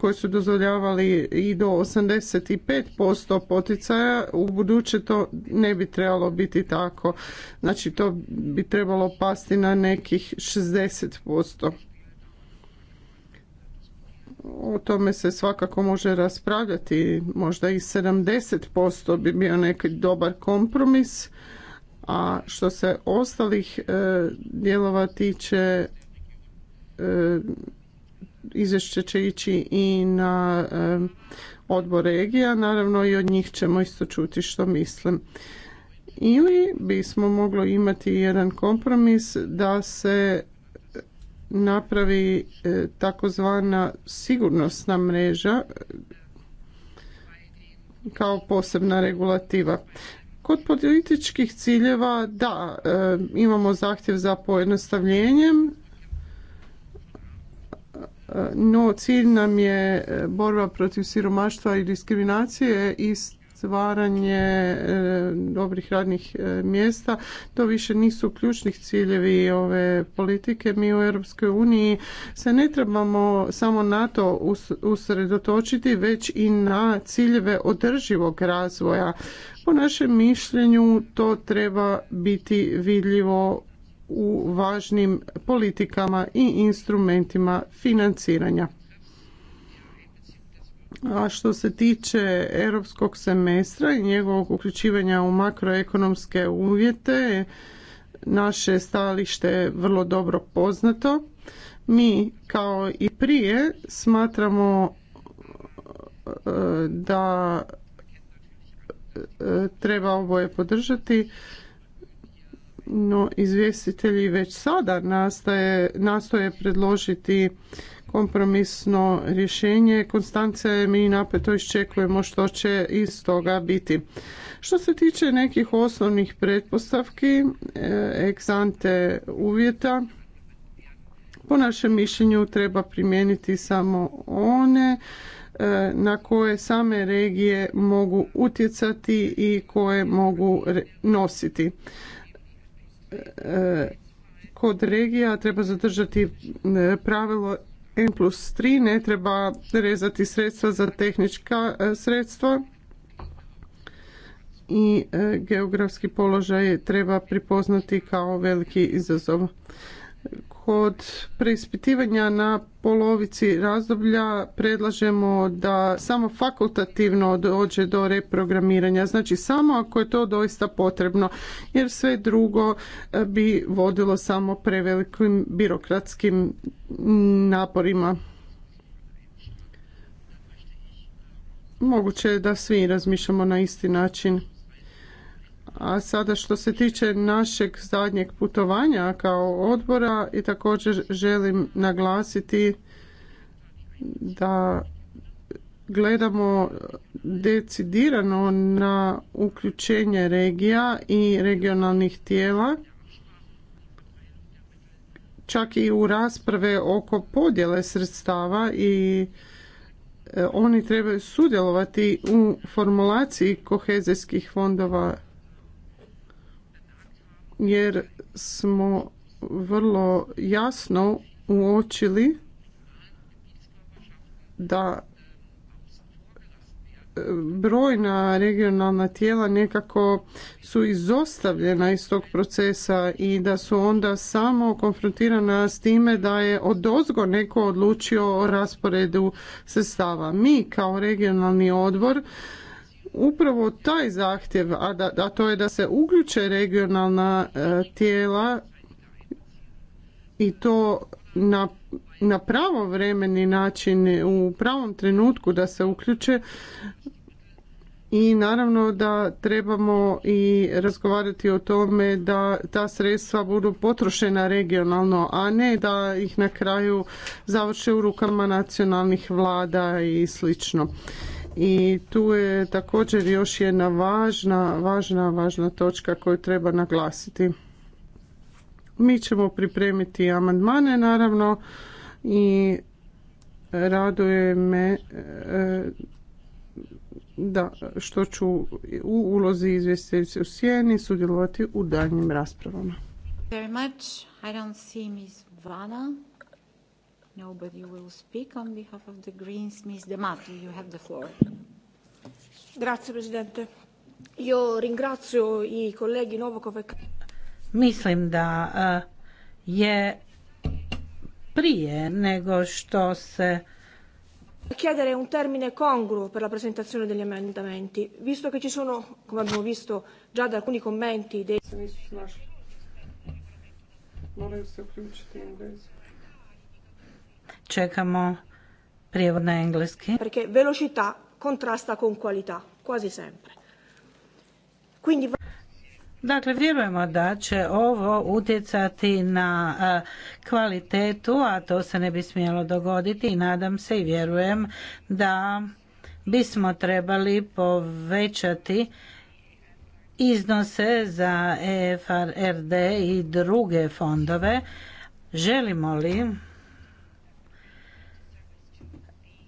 koji su dozvoljavali i do 85% poticaja, u buduće to ne bi trebalo biti tako. Znači to bi trebalo pasti na nekih 60%. O tome se svakako može raspravljati, možda i 70% bi bio neki dobar kompromis. A što se ostalih e, dijelova tiče e, izvješće će ići i na odbor regija, naravno i od njih ćemo isto čuti što mislim. Ili bismo moglo imati jedan kompromis da se napravi e, takozvana sigurnosna mreža kao posebna regulativa. Kod političkih ciljeva da, e, imamo zahtjev za pojednostavljenjem, no, cilj nam je e, borba protiv siromaštva i diskriminacije i stvaranje e, dobrih radnih e, mjesta. To više nisu ključnih ciljevi ove politike. Mi u Europskoj uniji se ne trebamo samo na to usredotočiti, već i na ciljeve održivog razvoja. Po našem mišljenju to treba biti vidljivo u važnim politikama i instrumentima financiranja. A što se tiče europskog semestra i njegovog uključivanja u makroekonomske uvjete, naše stalište je vrlo dobro poznato. Mi kao i prije smatramo e, da e, treba oboje podržati no izvjestitelji već sada nastaje, nastoje predložiti kompromisno rješenje. Konstance, mi napeto iščekujemo što će iz toga biti. Što se tiče nekih osnovnih pretpostavki, e, eksante uvjeta, po našem mišljenju treba primijeniti samo one e, na koje same regije mogu utjecati i koje mogu nositi. E, kod regija treba zadržati e, pravilo N plus 3, ne treba rezati sredstva za tehnička e, sredstva i geografski položaj treba pripoznati kao veliki izazov kod preispitivanja na polovici razdoblja predlažemo da samo fakultativno dođe do reprogramiranja, znači samo ako je to doista potrebno, jer sve drugo e, bi vodilo samo prevelikim birokratskim naporima. Moguće je da svi razmišljamo na isti način. A sada što se tiče našeg zadnjeg putovanja kao odbora i također želim naglasiti da gledamo decidirano na uključenje regija i regionalnih tijela čak i u rasprave oko podjele sredstava i e, oni trebaju sudjelovati u formulaciji kohezijskih fondova jer smo vrlo jasno uočili da brojna regionalna tijela nekako su izostavljena iz tog procesa i da su onda samo konfrontirana s time da je odozgo neko odlučio o rasporedu sredstava. Mi kao regionalni odbor upravo taj zahtjev, a, da, a to je da se uključe regionalna e, tijela i to na, na pravovremeni način, u pravom trenutku da se uključe, i naravno da trebamo i razgovarati o tome da ta sredstva budu potrošena regionalno, a ne da ih na kraju završe u rukama nacionalnih vlada i slično i tu je također još jedna važna, važna, važna točka koju treba naglasiti. Mi ćemo pripremiti amandmane naravno i raduje me e, da što ću u ulozi izvjestiteljice u sjeni sudjelovati u daljnjim raspravama. Nobody will speak on behalf of the Greens. Ms. D'Amato, you have the floor. Grazie, Presidente. Io ringrazio i colleghi Novakov e... Mislim da eh, je prije nego što se chiedere un termine congruo per la presentazione degli emendamenti, visto che ci sono, come abbiamo visto già da alcuni commenti dei... Se Moraju se uključiti englezi čekamo prijevod na engleski. Perché velocità contrasta con qualità, quasi sempre. Quindi... Dakle, vjerujemo da će ovo utjecati na kvalitetu, a to se ne bi smjelo dogoditi i nadam se i vjerujem da bismo trebali povećati iznose za EFRD i druge fondove. Želimo li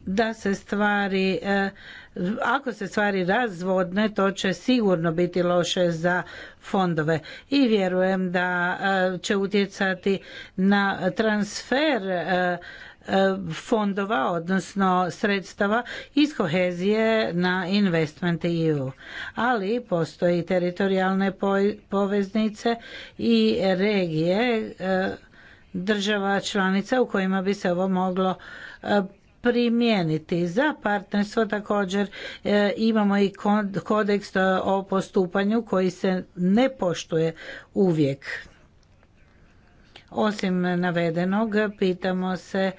da se stvari eh, ako se stvari razvodne to će sigurno biti loše za fondove i vjerujem da eh, će utjecati na transfer eh, fondova odnosno sredstava iz kohezije na investment EU. Ali postoji teritorijalne poveznice i regije država članica u kojima bi se ovo moglo primijeniti. Za partnerstvo također e, imamo i kodeks o postupanju koji se ne poštuje uvijek. Osim navedenog, pitamo se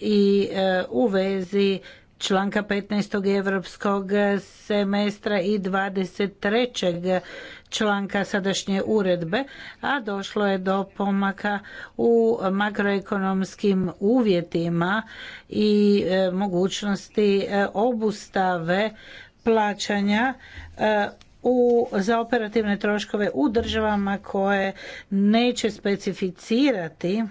i e, u vezi članka 15. europskog semestra i 23. članka sadašnje uredbe, a došlo je do pomaka u makroekonomskim uvjetima i e, mogućnosti e, obustave plaćanja e, u, za operativne troškove u državama koje neće specificirati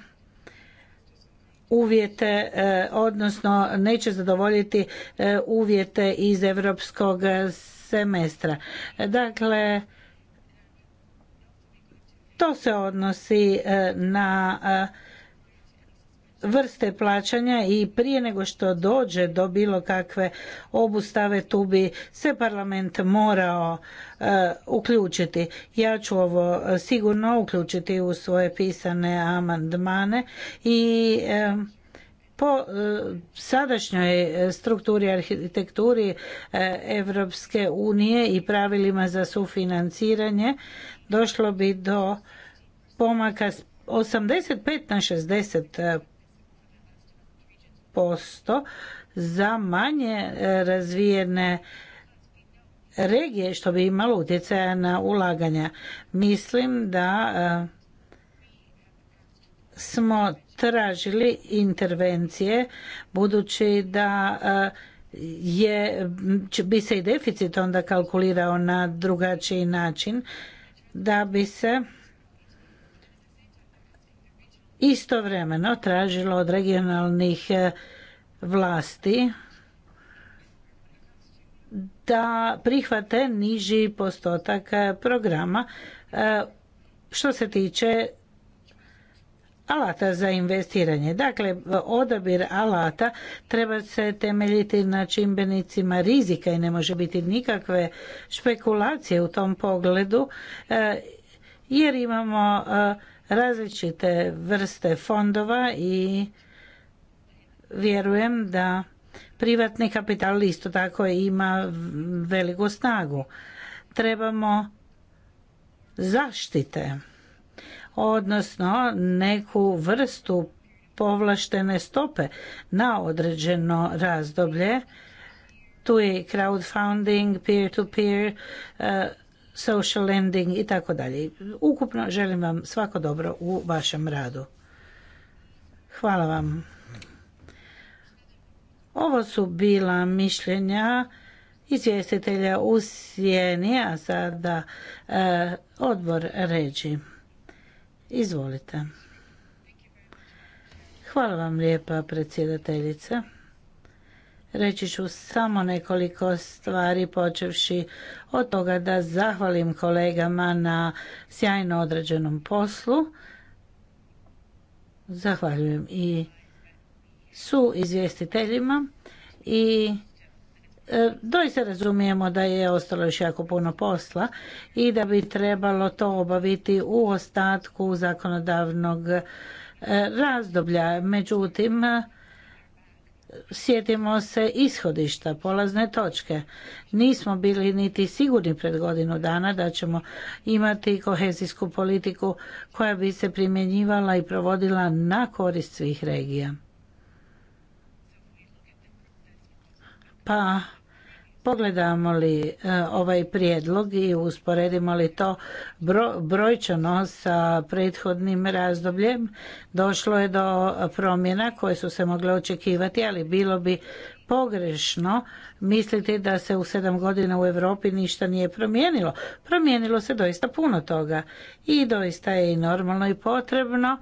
uvjete, e, odnosno neće zadovoljiti e, uvjete iz europskog semestra. Dakle, to se odnosi e, na vrste plaćanja i prije nego što dođe do bilo kakve obustave tu bi se parlament morao e, uključiti. Ja ću ovo e, sigurno uključiti u svoje pisane amandmane i e, po sadašnjoj strukturi arhitekturi Europske unije i pravilima za sufinanciranje došlo bi do pomaka 85 na 60 posto za manje e, razvijene regije što bi imalo utjecaja na ulaganja mislim da e, smo tražili intervencije budući da e, je bi se i deficit onda kalkulirao na drugačiji način da bi se istovremeno tražilo od regionalnih e, vlasti da prihvate niži postotak e, programa e, što se tiče alata za investiranje. Dakle, odabir alata treba se temeljiti na čimbenicima rizika i ne može biti nikakve špekulacije u tom pogledu jer imamo različite vrste fondova i vjerujem da privatni kapital isto tako ima veliku snagu. Trebamo zaštite, odnosno neku vrstu povlaštene stope na određeno razdoblje. Tu je crowdfunding, peer-to-peer, peer eh, to peer social lending i tako dalje. Ukupno želim vam svako dobro u vašem radu. Hvala vam. Ovo su bila mišljenja izvjestitelja u sjeni, a sada e, odbor ređi. Izvolite. Hvala vam lijepa predsjedateljice. Reći ću samo nekoliko stvari počevši od toga da zahvalim kolegama na sjajno odrađenom poslu. Zahvaljujem i su izvjestiteljima i e, doista razumijemo da je ostalo još jako puno posla i da bi trebalo to obaviti u ostatku zakonodavnog e, razdoblja. Međutim, sjetimo se ishodišta, polazne točke. Nismo bili niti sigurni pred godinu dana da ćemo imati kohezijsku politiku koja bi se primjenjivala i provodila na korist svih regija. Pa Pogledamo li e, ovaj prijedlog i usporedimo li to brojčano sa prethodnim razdobljem, došlo je do promjena koje su se mogle očekivati, ali bilo bi pogrešno misliti da se u sedam godina u Europi ništa nije promijenilo. Promijenilo se doista puno toga i doista je i normalno i potrebno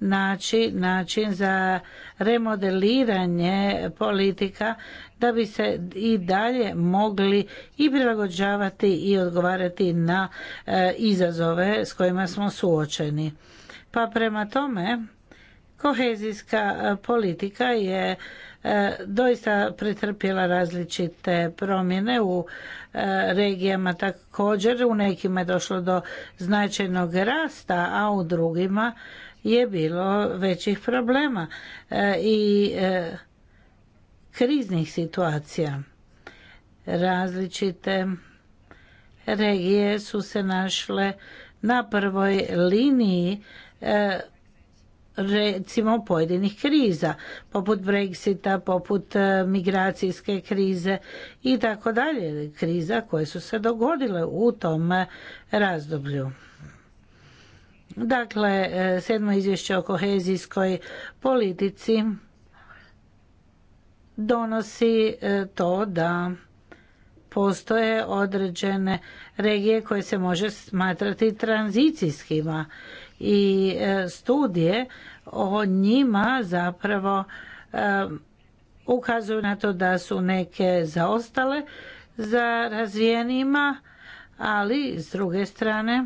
naći način za remodeliranje politika da bi se i dalje mogli i prilagođavati i odgovarati na e, izazove s kojima smo suočeni. Pa prema tome, kohezijska e, politika je e, doista pretrpjela različite promjene u regijama također u nekima je došlo do značajnog rasta a u drugima je bilo većih problema i kriznih situacija. Različite regije su se našle na prvoj liniji e, recimo pojedinih kriza, poput Brexita, poput e, migracijske krize i tako dalje, kriza koje su se dogodile u tom e, razdoblju. Dakle, sedmo izvješće o kohezijskoj politici donosi e, to da postoje određene regije koje se može smatrati tranzicijskima i e, studije o njima zapravo e, ukazuju na to da su neke zaostale za razvijenima, ali s druge strane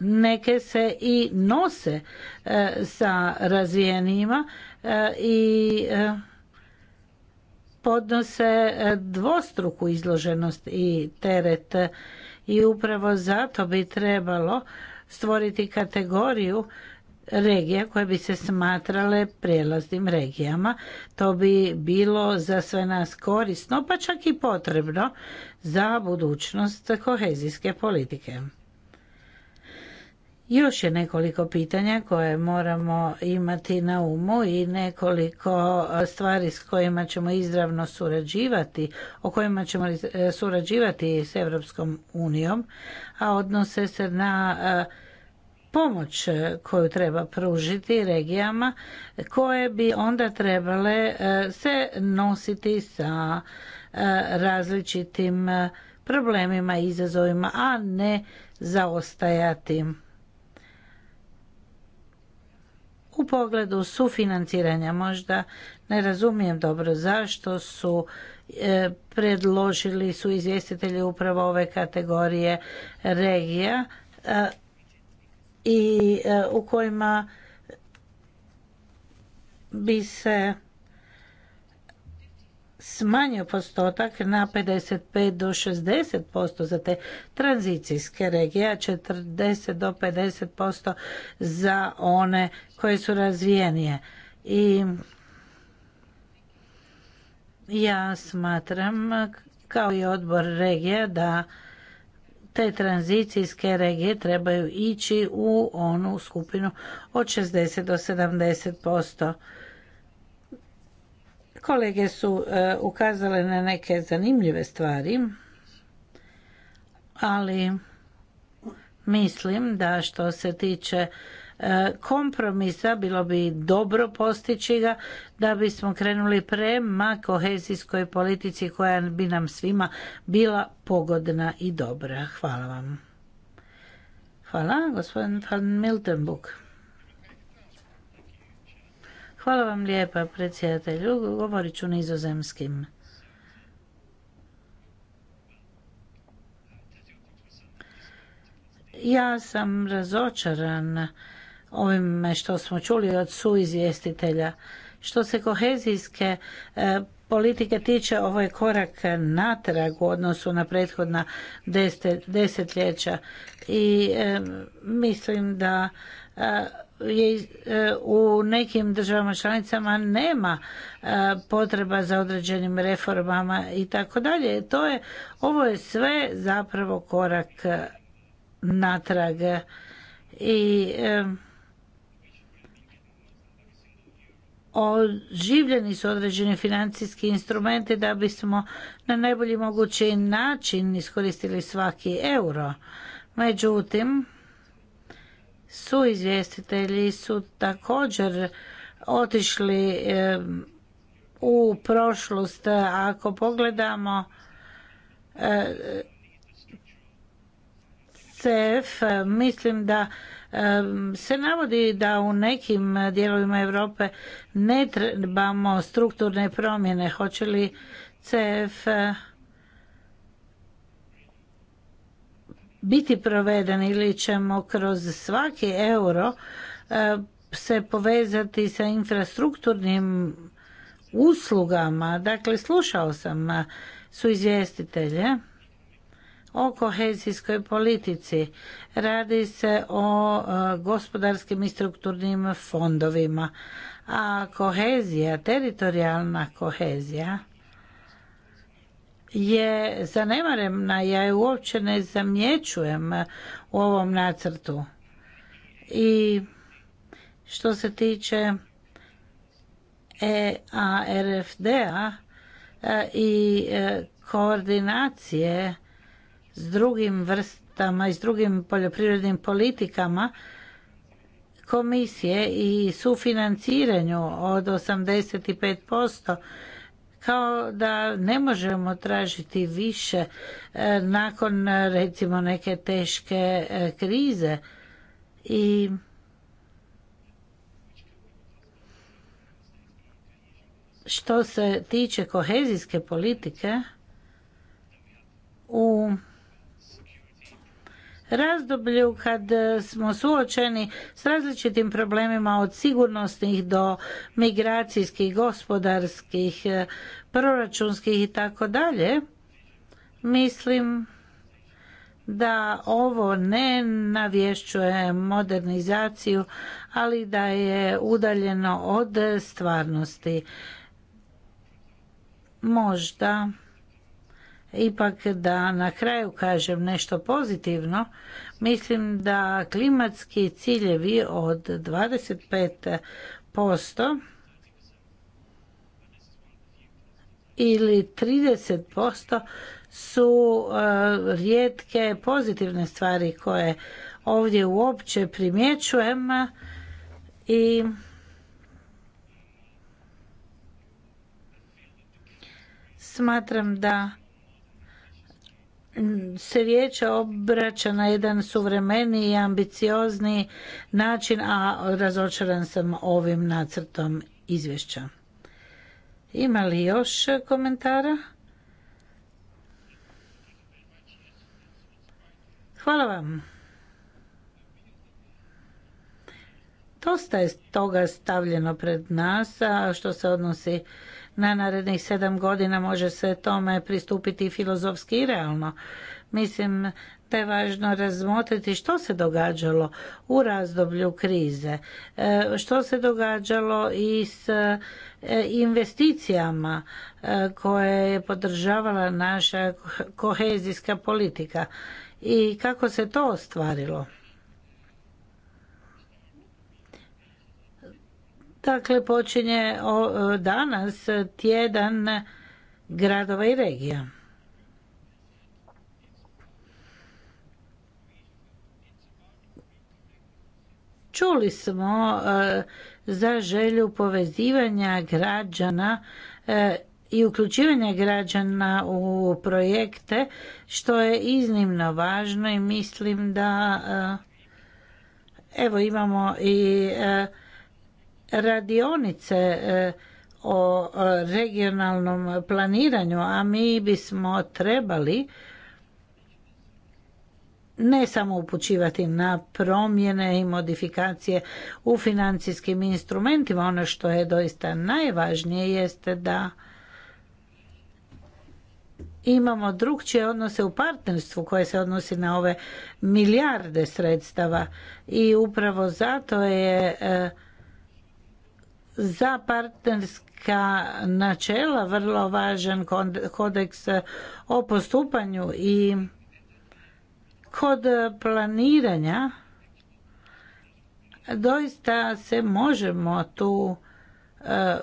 neke se i nose e, sa razvijenima e, i e, podnose dvostruku izloženost i teret i upravo zato bi trebalo stvoriti kategoriju regija koje bi se smatrale prijelaznim regijama. To bi bilo za sve nas korisno, pa čak i potrebno za budućnost kohezijske politike. Još je nekoliko pitanja koje moramo imati na umu i nekoliko e, stvari s kojima ćemo izravno surađivati, o kojima ćemo e, surađivati s Europskom unijom, a odnose se na e, pomoć koju treba pružiti regijama koje bi onda trebale se nositi sa različitim problemima i izazovima, a ne zaostajatim. u pogledu sufinanciranja. Možda ne razumijem dobro zašto su e, predložili su izvjestitelji upravo ove kategorije regija e, i e, u kojima bi se smanjio postotak na 55 do 60% za te tranzicijske regije, a 40 do 50% za one koje su razvijenije. I ja smatram kao i odbor regija da te tranzicijske regije trebaju ići u onu skupinu od 60 do 70%. Kolege su e, ukazale na neke zanimljive stvari, ali mislim da što se tiče e, kompromisa bilo bi dobro postići ga da bismo krenuli prema kohezijskoj politici koja bi nam svima bila pogodna i dobra. Hvala vam. Hvala, gospodin van Miltenbuk. Hvala vam lijepa, predsjedatelju. Govorit ću nizozemskim. Ja sam razočaran ovime što smo čuli od suizvjestitelja. Što se kohezijske e, politike tiče, ovo je korak natrag u odnosu na prethodna desetljeća i e, mislim da e, je e, u nekim državama članicama nema e, potreba za određenim reformama i tako dalje. To je, ovo je sve zapravo korak natrag i e, oživljeni su određeni financijski instrumenti da bismo na najbolji mogući način iskoristili svaki euro. Međutim, su izvjestitelji su također otišli u prošlost. Ako pogledamo eh, CF, mislim da se navodi da u nekim dijelovima Europe ne trebamo strukturne promjene. Hoće li CF biti proveden ili ćemo kroz svaki euro e, se povezati sa infrastrukturnim uslugama. Dakle, slušao sam e, su izvjestitelje o kohezijskoj politici. Radi se o e, gospodarskim i strukturnim fondovima. A kohezija, teritorijalna kohezija, je zanemarena, ja je uopće ne zamjećujem u ovom nacrtu. I što se tiče EARFD-a e, i e, koordinacije s drugim vrstama i s drugim poljoprivrednim politikama komisije i sufinanciranju od 85% kao da ne možemo tražiti više e, nakon recimo neke teške e, krize i što se tiče kohezijske politike u razdoblju kad e, smo suočeni s različitim problemima od sigurnosnih do migracijskih, gospodarskih, e, proračunskih i tako dalje, mislim da ovo ne navješćuje modernizaciju, ali da je udaljeno od stvarnosti. Možda ipak da na kraju kažem nešto pozitivno. Mislim da klimatski ciljevi od 25% ili 30% su e, rijetke pozitivne stvari koje ovdje uopće primjećujem i smatram da se vijeće obraća na jedan suvremeni i ambiciozni način, a razočaran sam ovim nacrtom izvješća. Ima li još komentara? Hvala vam. Dosta je toga stavljeno pred nas, a što se odnosi na narednih sedam godina može se tome pristupiti filozofski i realno. Mislim da je važno razmotriti što se događalo u razdoblju krize, e, što se događalo i s e, investicijama e, koje je podržavala naša kohezijska politika i kako se to ostvarilo. Dakle, počinje danas tjedan gradova i regija. Čuli smo e, za želju povezivanja građana e, i uključivanja građana u projekte, što je iznimno važno i mislim da e, evo imamo i radionice eh, o eh, regionalnom planiranju, a mi bismo trebali ne samo upućivati na promjene i modifikacije u financijskim instrumentima, ono što je doista najvažnije jeste da imamo drugčije odnose u partnerstvu koje se odnosi na ove milijarde sredstava i upravo zato je eh, za partnerska načela vrlo važan kodeks o postupanju i kod planiranja doista se možemo tu e, e,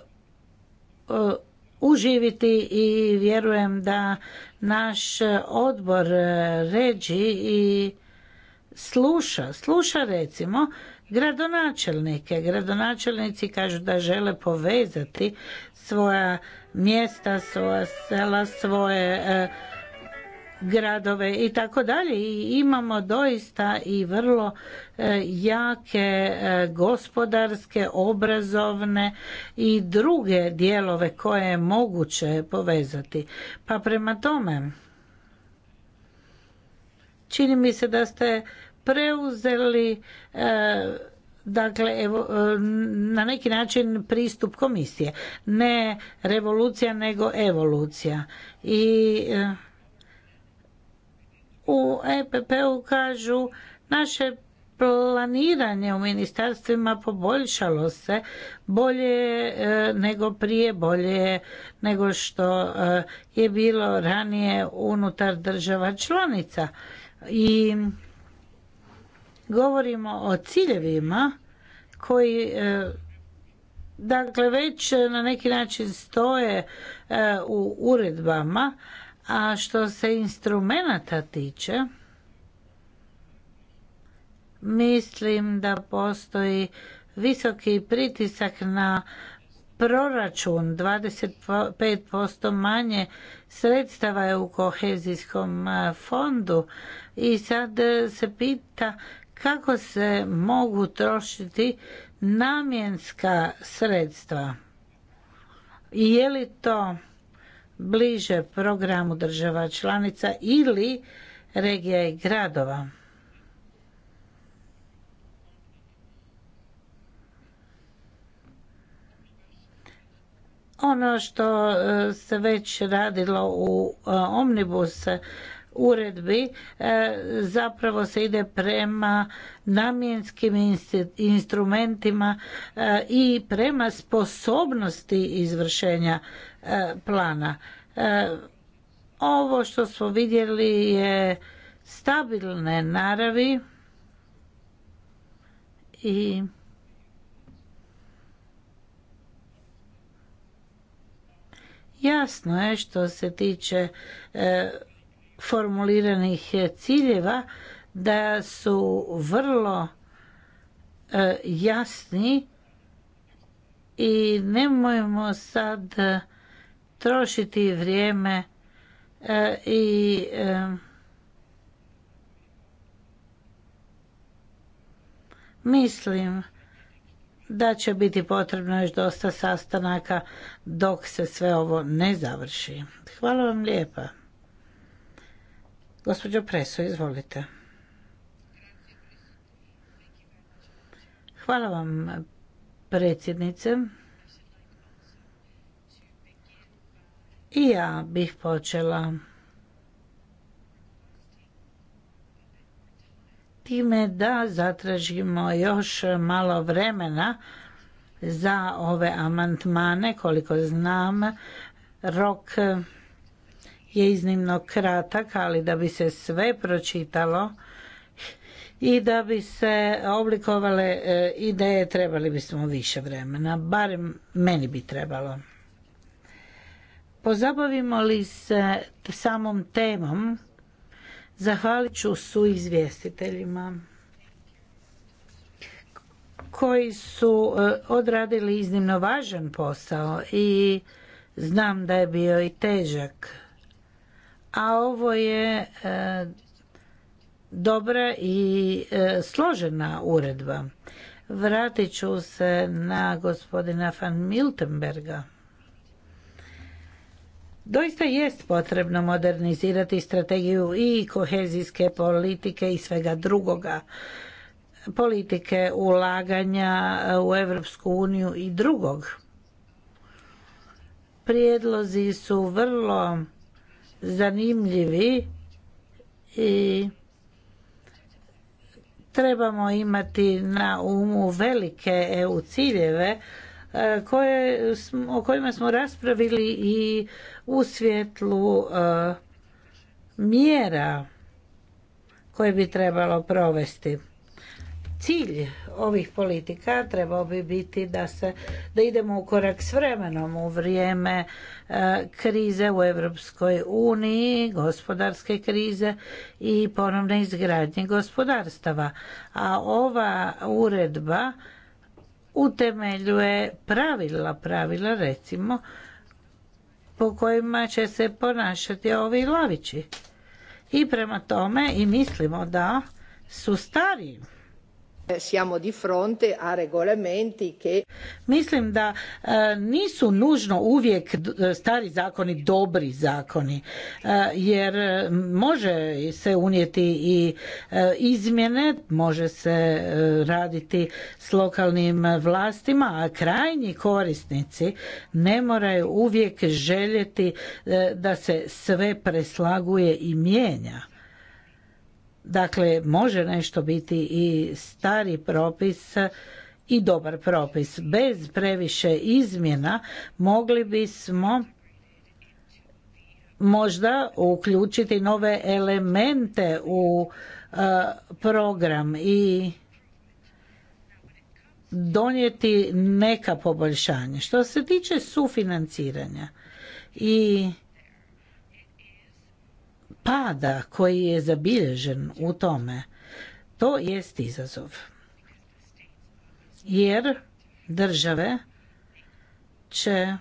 uživiti i vjerujem da naš odbor ređi i sluša, sluša recimo gradonačelnike. Gradonačelnici kažu da žele povezati svoja mjesta, svoja sela, svoje e, gradove i tako dalje i imamo doista i vrlo e, jake e, gospodarske, obrazovne i druge dijelove koje je moguće povezati. Pa prema tome čini mi se da ste preuzeli e, dakle evo, e, na neki način pristup komisije ne revolucija nego evolucija i e, u EPP-u kažu naše planiranje u ministarstvima poboljšalo se bolje nego prije bolje nego što je bilo ranije unutar država članica i govorimo o ciljevima koji e, dakle već na neki način stoje e, u uredbama, a što se instrumenata tiče, mislim da postoji visoki pritisak na proračun 25% manje sredstava je u kohezijskom e, fondu i sad se pita kako se mogu trošiti namjenska sredstva i je li to bliže programu država članica ili regija i gradova. Ono što e, se već radilo u e, Omnibus uredbi e, zapravo se ide prema namjenskim instrumentima e, i prema sposobnosti izvršenja e, plana. Ovo što smo vidjeli je stabilne naravi i jasno je što se tiče formuliranih eh, ciljeva da su vrlo eh, jasni i nemojmo sad eh, trošiti vrijeme i mislim da će biti potrebno još dosta sastanaka dok se sve ovo ne završi. Hvala vam lijepa. Gospođo Preso, izvolite. Hvala vam, predsjednice. I ja bih počela time da zatražimo još malo vremena za ove amantmane, koliko znam, rok je iznimno kratak, ali da bi se sve pročitalo i da bi se oblikovale e, ideje trebali bismo više vremena, barem meni bi trebalo. Pozabavimo li se samom temom, zahvalit ću su izvjestiteljima koji su e, odradili iznimno važan posao i znam da je bio i težak a ovo je e, dobra i e, složena uredba. Vratit ću se na gospodina van Miltenberga. Doista jest potrebno modernizirati strategiju i kohezijske politike i svega drugoga. Politike ulaganja u Europsku uniju i drugog. Prijedlozi su vrlo zanimljivi i trebamo imati na umu velike EU ciljeve e, koje, o kojima smo raspravili i u svjetlu e, mjera koje bi trebalo provesti. Cilj ovih politika trebao bi biti da se da idemo u korak s vremenom u vrijeme e, krize u Europskoj uniji, gospodarske krize i ponovne izgradnje gospodarstava. A ova uredba utemeljuje pravila, pravila recimo po kojima će se ponašati ovi lavići. I prema tome i mislimo da su stariji Eh, siamo di fronte a regolamenti che... Mislim da eh, nisu nužno uvijek eh, stari zakoni dobri zakoni, jer može se unijeti i izmjene, može se raditi s lokalnim vlastima, a krajnji korisnici ne moraju uvijek željeti da se sve preslaguje i mijenja. Dakle, može nešto biti i stari propis i dobar propis. Bez previše izmjena mogli bismo možda uključiti nove elemente u e, program i donijeti neka poboljšanja. Što se tiče sufinanciranja i pada koji je zabilježen u tome, to jest izazov. Jer države će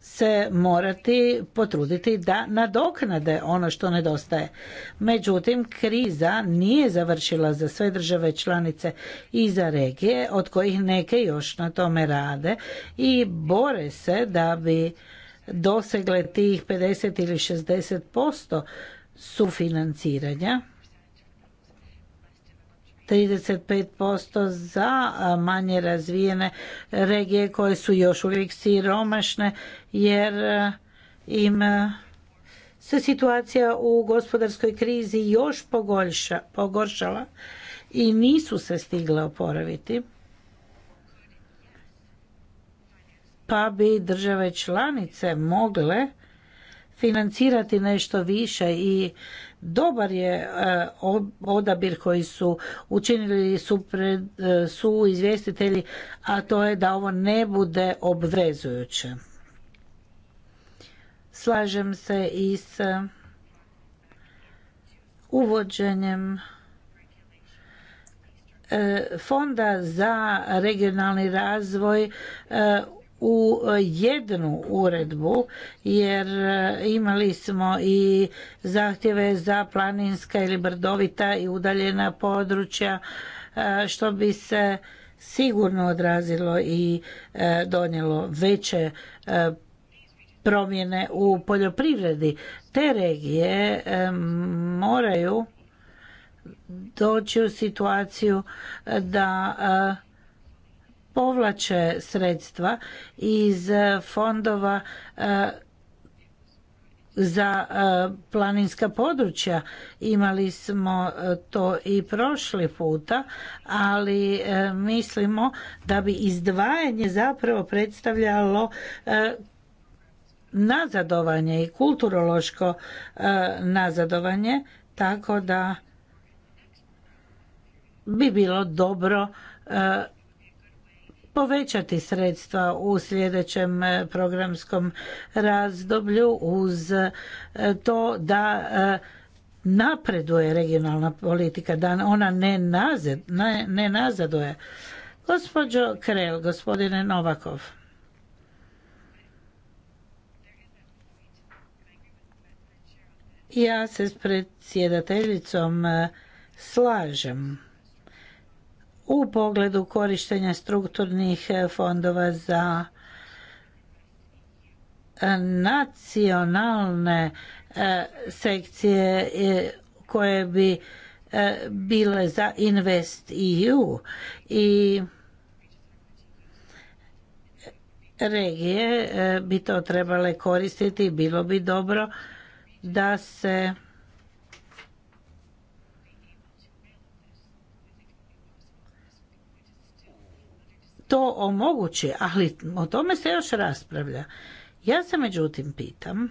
se morati potruditi da nadoknade ono što nedostaje. Međutim, kriza nije završila za sve države članice i za regije, od kojih neke još na tome rade i bore se da bi dosegle tih 50 ili 60% sufinanciranja. 35% za manje razvijene regije koje su još uvijek siromašne jer im se situacija u gospodarskoj krizi još pogoršala i nisu se stigle oporaviti. pa bi države članice mogle financirati nešto više i dobar je e, odabir koji su učinili e, su, izvjestitelji, a to je da ovo ne bude obvezujuće. Slažem se i s uvođenjem e, fonda za regionalni razvoj u e, jednu uredbu jer e, imali smo i zahtjeve za planinska ili brdovita i udaljena područja e, što bi se sigurno odrazilo i donijelo veće promjene u poljoprivredi. Te regije moraju doći u situaciju da povlače sredstva iz e, fondova e, za e, planinska područja. Imali smo to i prošli puta, ali mislimo da bi izdvajanje zapravo predstavljalo nazadovanje i kulturološko nazadovanje, tako da bi bilo dobro povećati sredstva u sljedećem e, programskom razdoblju uz e, to da e, napreduje regionalna politika, da ona ne, nazad, ne, ne nazaduje. Gospođo Krel, gospodine Novakov. Ja se s predsjedateljicom slažem u pogledu korištenja strukturnih e, fondova za e, nacionalne e, sekcije koje bi bile za Invest EU i regije bi to trebale koristiti bilo bi dobro da se to omogući, ali o tome se još raspravlja. Ja se međutim pitam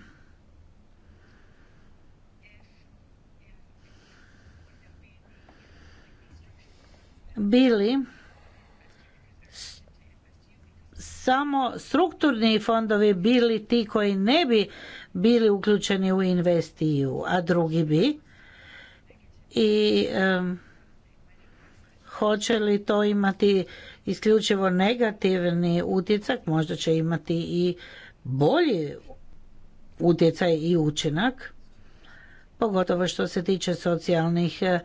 bili samo strukturni fondovi bili ti koji ne bi bili uključeni u investiju, a drugi bi. I hoće li to imati isključivo negativni utjecak možda će imati i bolji utjecaj i učinak, pogotovo što se tiče socijalnih e,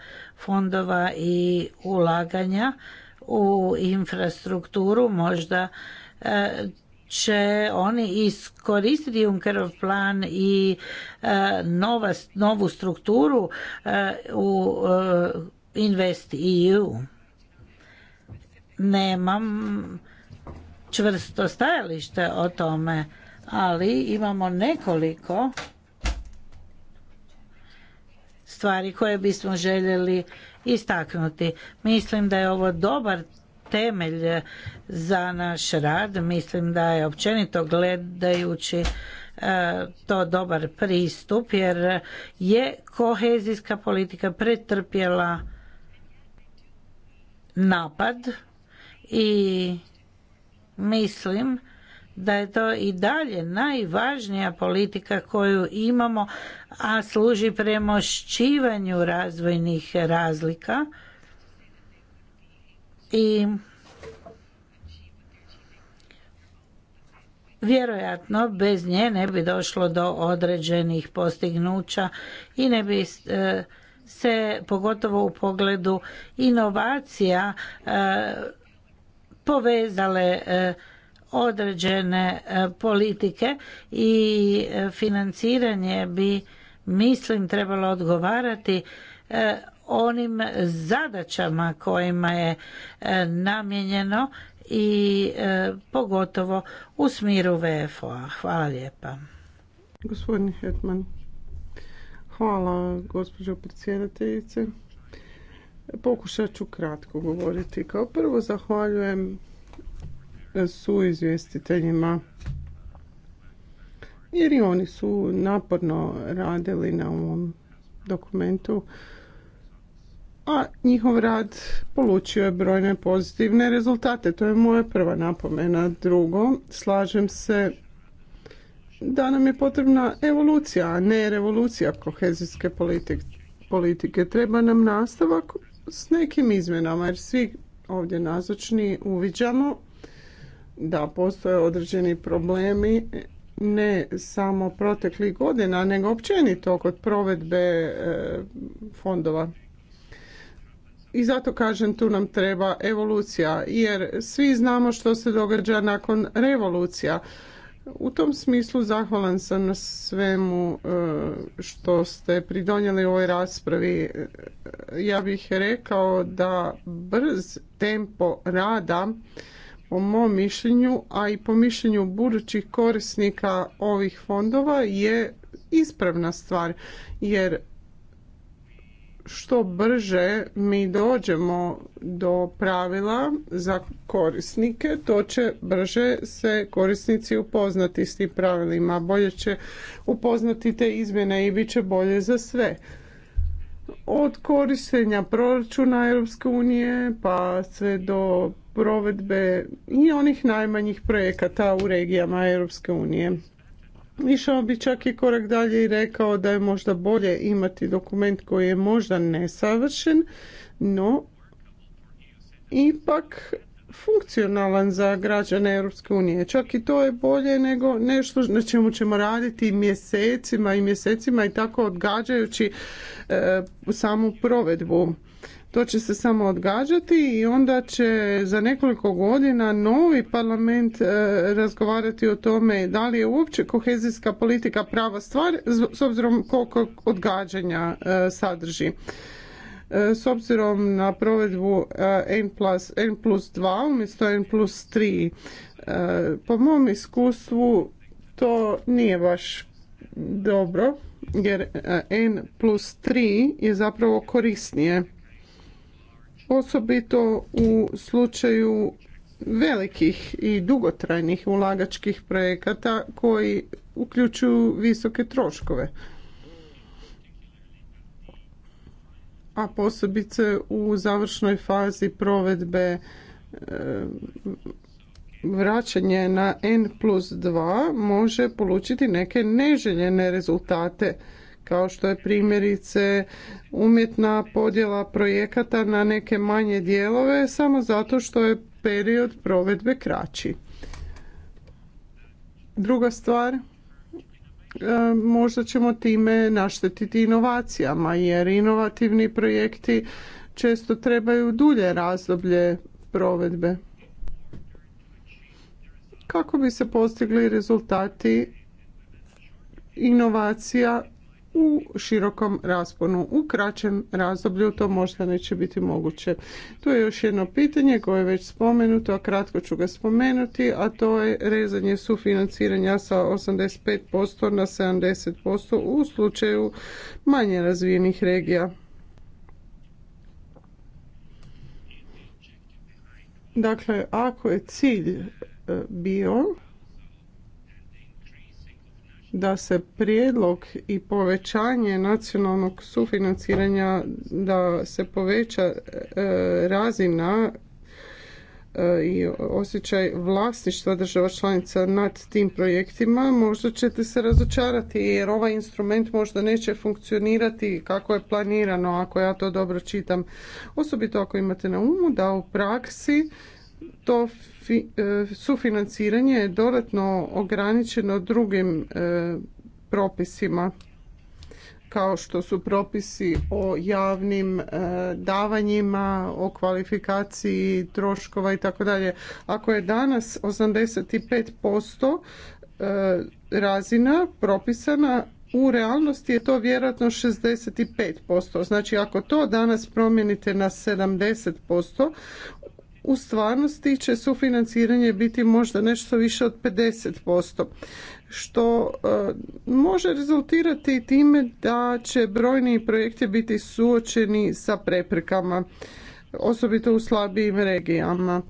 fondova i ulaganja u infrastrukturu, možda e, će oni iskoristiti Junckerov plan i e, novu strukturu u Invest EU nemam čvrsto stajalište o tome, ali imamo nekoliko stvari koje bismo željeli istaknuti. Mislim da je ovo dobar temelj za naš rad, mislim da je općenito gledajući e, to dobar pristup jer je kohezijska politika pretrpjela napad i mislim da je to i dalje najvažnija politika koju imamo, a služi premošćivanju razvojnih razlika. I vjerojatno bez nje ne bi došlo do određenih postignuća i ne bi e, se pogotovo u pogledu inovacija e, povezale e, određene e, politike i e, financiranje bi mislim trebalo odgovarati onim zadaćama kojima je namijenjeno i pogotovo u smiru VFO-a. Hvala lijepa. Gospodin Hetman, hvala gospođo predsjedateljice. Pokušat ću kratko govoriti. Kao prvo zahvaljujem su izvjestiteljima jer i oni su naporno radili na ovom dokumentu a njihov rad polučio je brojne pozitivne rezultate. To je moja prva napomena. Drugo, slažem se da nam je potrebna evolucija, a ne revolucija kohezijske politike. Treba nam nastavak s nekim izmjenama jer svi ovdje nazočni uviđamo da postoje određeni problemi ne samo proteklih godina, nego općenito kod provedbe e, fondova. I zato kažem tu nam treba evolucija, jer svi znamo što se događa nakon revolucija. U tom smislu zahvalan sam na svemu e, što ste pridonijeli ovoj raspravi. E, ja bih rekao da brz tempo rada po mom mišljenju, a i po mišljenju budućih korisnika ovih fondova je ispravna stvar jer što brže mi dođemo do pravila za korisnike, to će brže se korisnici upoznati s tim pravilima. Bolje će upoznati te izmjene i bit će bolje za sve. Od korištenja proračuna Europske unije pa sve do provedbe i onih najmanjih projekata u regijama Europske unije. Išao bi čak i korak dalje i rekao da je možda bolje imati dokument koji je možda nesavršen, no ipak funkcionalan za građane Europske unije. Čak i to je bolje nego nešto na čemu ćemo raditi mjesecima i mjesecima i tako odgađajući e, samu provedbu to će se samo odgađati i onda će za nekoliko godina novi parlament e, razgovarati o tome da li je uopće kohezijska politika prava stvar s obzirom koliko odgađanja e, sadrži. E, s obzirom na provedbu N plus, N plus 2 umjesto N plus 3, po mom iskustvu to nije baš dobro jer N plus 3 je zapravo korisnije osobito u slučaju velikih i dugotrajnih ulagačkih projekata koji uključuju visoke troškove. A posebice u završnoj fazi provedbe e, vraćanje na N plus 2 može polučiti neke neželjene rezultate kao što je primjerice umjetna podjela projekata na neke manje dijelove samo zato što je period provedbe kraći. Druga stvar, e, možda ćemo time naštetiti inovacijama jer inovativni projekti često trebaju dulje razdoblje provedbe. Kako bi se postigli rezultati inovacija u širokom rasponu. U kraćem razdoblju to možda neće biti moguće. To je još jedno pitanje koje je već spomenuto, a kratko ću ga spomenuti, a to je rezanje sufinanciranja sa 85% na 70% u slučaju manje razvijenih regija. Dakle, ako je cilj e, bio da se prijedlog i povećanje nacionalnog sufinanciranja da se poveća e, razina e, i osjećaj vlasništva država članica nad tim projektima, možda ćete se razočarati jer ovaj instrument možda neće funkcionirati kako je planirano ako ja to dobro čitam. Osobito ako imate na umu da u praksi to e, sufinanciranje je dodatno ograničeno drugim e, propisima kao što su propisi o javnim e, davanjima, o kvalifikaciji troškova dalje. Ako je danas 85% razina propisana u realnosti je to vjerojatno 65%. Znači ako to danas promijenite na 70%, u stvarnosti će sufinanciranje biti možda nešto više od 50%, što e, može rezultirati time da će brojni projekti biti suočeni sa preprekama, osobito u slabijim regijama.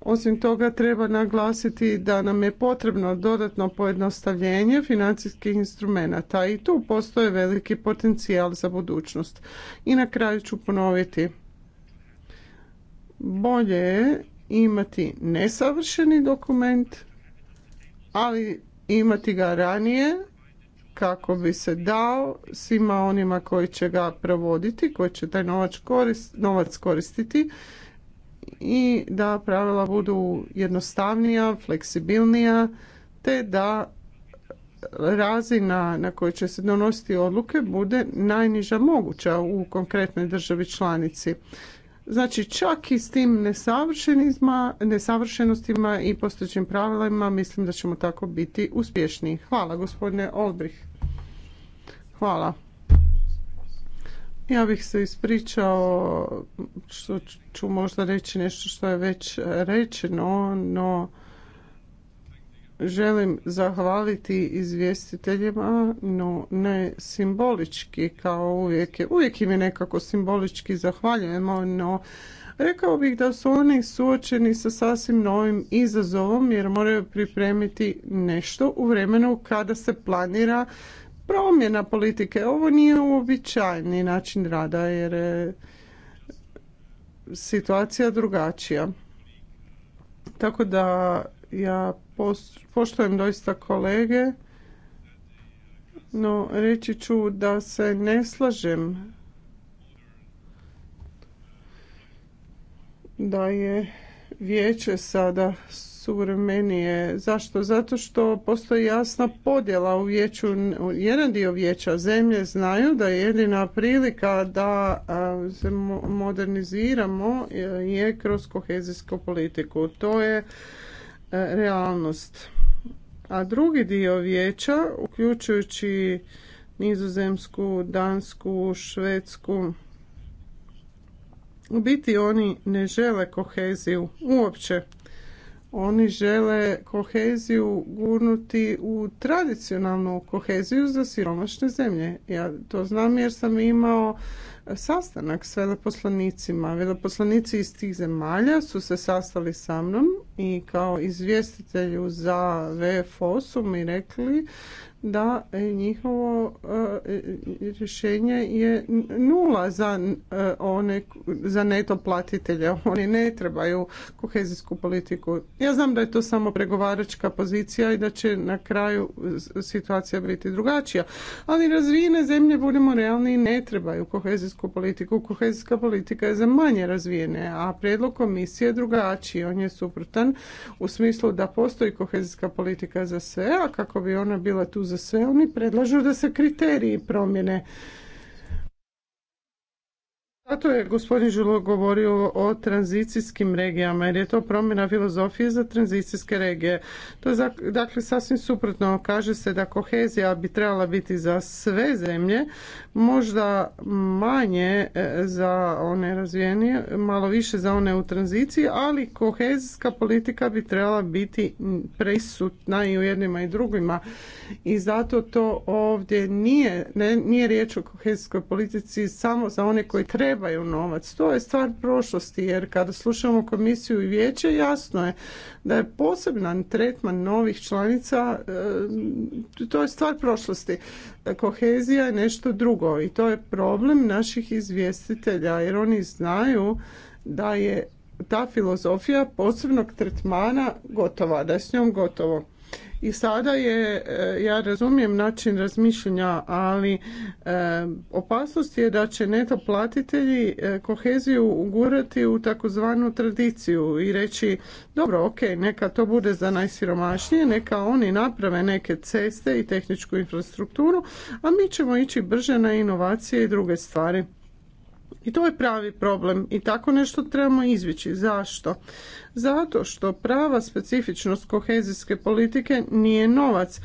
Osim toga treba naglasiti da nam je potrebno dodatno pojednostavljenje financijskih instrumenata i tu postoje veliki potencijal za budućnost. I na kraju ću ponoviti bolje je imati nesavršeni dokument, ali imati ga ranije kako bi se dao svima onima koji će ga provoditi, koji će taj novac koristiti i da pravila budu jednostavnija, fleksibilnija, te da razina na kojoj će se donositi odluke bude najniža moguća u konkretnoj državi članici. Znači čak i s tim nesavršenostima i postojećim pravilima mislim da ćemo tako biti uspješni. Hvala gospodine Olbrih. Hvala. Ja bih se ispričao što ću možda reći nešto što je već rečeno, no želim zahvaliti izvjestiteljima, no ne simbolički kao uvijek. Uvijek im je nekako simbolički zahvaljujemo, no rekao bih da su oni suočeni sa sasvim novim izazovom jer moraju pripremiti nešto u vremenu kada se planira promjena politike. Ovo nije uobičajeni način rada jer situacija drugačija. Tako da ja poštujem doista kolege, no reći ću da se ne slažem da je vijeće sada suvremenije. Zašto? Zato što postoji jasna podjela u vijeću. Jedan dio vijeća zemlje znaju da je jedina prilika da se moderniziramo e, je kroz kohezijsku politiku. To je E, realnost. A drugi dio vijeća, uključujući Nizozemsku, Dansku, Švedsku, u biti oni ne žele koheziju uopće. Oni žele koheziju gurnuti u tradicionalnu koheziju za siromašne zemlje. Ja to znam jer sam imao sastanak s veleposlanicima. Veleposlanici iz tih zemalja su se sastali sa mnom i kao izvjestitelju za VFO su mi rekli da njihovo e, rješenje je nula za e, one za neto platitelje. Oni ne trebaju kohezijsku politiku. Ja znam da je to samo pregovaračka pozicija i da će na kraju situacija biti drugačija. Ali razvijene zemlje, budemo realni, ne trebaju kohezijsku politiku. Kohezijska politika je za manje razvijene, a predlog komisije je drugačiji. On je suprotan u smislu da postoji kohezijska politika za sve, a kako bi ona bila tu za sve, oni predlažu da se kriteriji promjene zato je gospodin Žulo govorio o tranzicijskim regijama, jer je to promjena filozofije za tranzicijske regije. To je dakle sasvim suprotno. Kaže se da kohezija bi trebala biti za sve zemlje, možda manje e, za one razvijenije, malo više za one u tranziciji, ali kohezijska politika bi trebala biti presutna i u jednima i drugima. I zato to ovdje nije, ne, nije riječ o kohezijskoj politici samo za one koji treba trebaju novac. To je stvar prošlosti jer kada slušamo komisiju i vijeće jasno je da je poseban tretman novih članica, e, to je stvar prošlosti. Kohezija je nešto drugo i to je problem naših izvjestitelja jer oni znaju da je ta filozofija posebnog tretmana gotova, da je s njom gotovo. I sada je, e, ja razumijem način razmišljanja, ali e, opasnost je da će neto platitelji e, koheziju ugurati u takozvanu tradiciju i reći dobro, ok, neka to bude za najsiromašnije, neka oni naprave neke ceste i tehničku infrastrukturu, a mi ćemo ići brže na inovacije i druge stvari. I to je pravi problem i tako nešto trebamo izbjeći. Zašto? Zato što prava specifičnost kohezijske politike nije novac,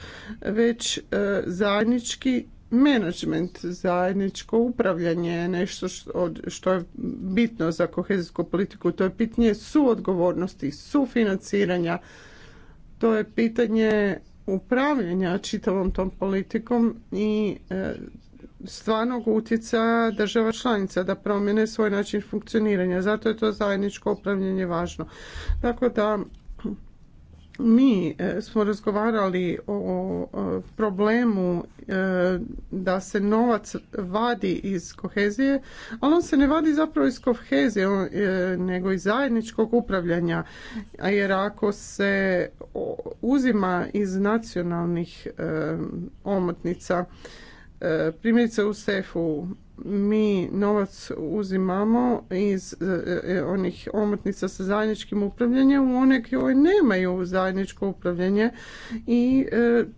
već e, zajednički menadžment, zajedničko upravljanje je nešto što je bitno za kohezijsku politiku. To je pitanje suodgovornosti, sufinanciranja. To je pitanje upravljanja čitavom tom politikom i e, stvarnog utjecaja država članica da promjene svoj način funkcioniranja. Zato je to zajedničko upravljanje važno. Tako da mi e, smo razgovarali o problemu e, da se novac vadi iz kohezije, ali on se ne vadi zapravo iz kohezije, e, nego iz zajedničkog upravljanja. Jer ako se uzima iz nacionalnih omotnica, E, primjerice u SEF-u mi novac uzimamo iz e, e, onih omotnica sa zajedničkim upravljanjem u one koje nemaju zajedničko upravljanje i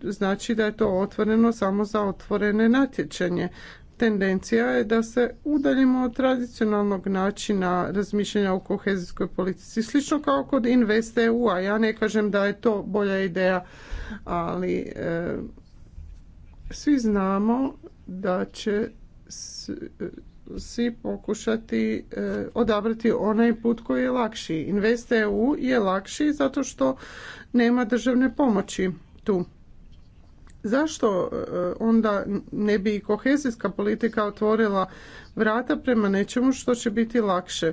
znači da je to otvoreno samo za otvorene natječenje. Tendencija je da se udaljimo od tradicionalnog načina razmišljanja o kohezijskoj politici, slično kao kod Invest EU-a. Ja ne kažem da je to bolja ideja, ali svi znamo da će svi pokušati e, odabrati onaj put koji je lakši. Invest EU je lakši zato što nema državne pomoći tu. Zašto e, onda ne bi i kohezijska politika otvorila vrata prema nečemu što će biti lakše?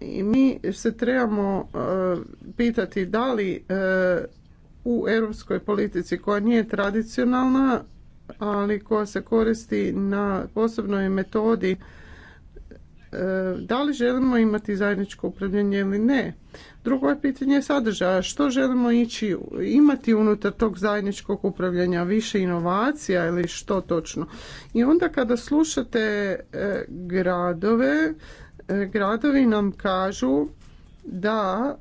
I mi se trebamo e, pitati da li u europskoj politici koja nije tradicionalna, ali koja se koristi na posebnoj metodi e, da li želimo imati zajedničko upravljanje ili ne. Drugo je pitanje sadržaja. Što želimo ići, imati unutar tog zajedničkog upravljanja? Više inovacija ili što točno? I onda kada slušate e, gradove, e, gradovi nam kažu da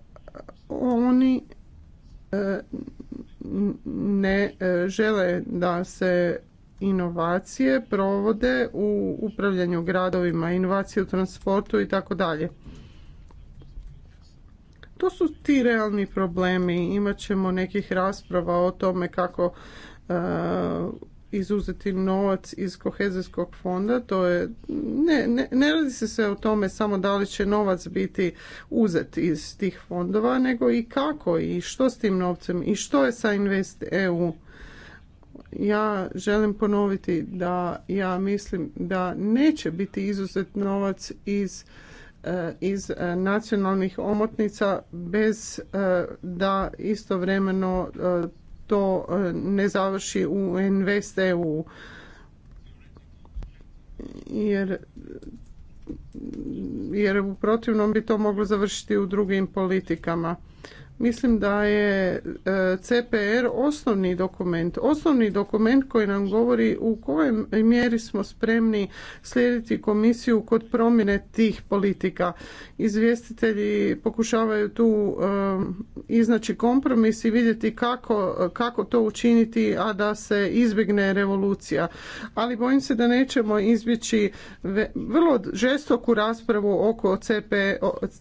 oni ne e, žele da se inovacije provode u upravljanju gradovima, inovacije u transportu i tako dalje. To su ti realni problemi. Imat ćemo nekih rasprava o tome kako e, izuzeti novac iz kohezijskog fonda, to je, ne, ne, ne radi se sve o tome samo da li će novac biti uzet iz tih fondova, nego i kako i što s tim novcem i što je sa Invest EU. Ja želim ponoviti da ja mislim da neće biti izuzet novac iz e, iz e, nacionalnih omotnica bez e, da istovremeno to e, ne završi u NVSTU. Jer jer u protivnom bi to moglo završiti u drugim politikama. Mislim da je e, CPR osnovni dokument, osnovni dokument koji nam govori u kojoj mjeri smo spremni slijediti komisiju kod promjene tih politika. Izvjestitelji pokušavaju tu e, iznaći kompromis i vidjeti kako, kako to učiniti, a da se izbjegne revolucija. Ali bojim se da nećemo izbjeći vrlo žestoku raspravu oko CP,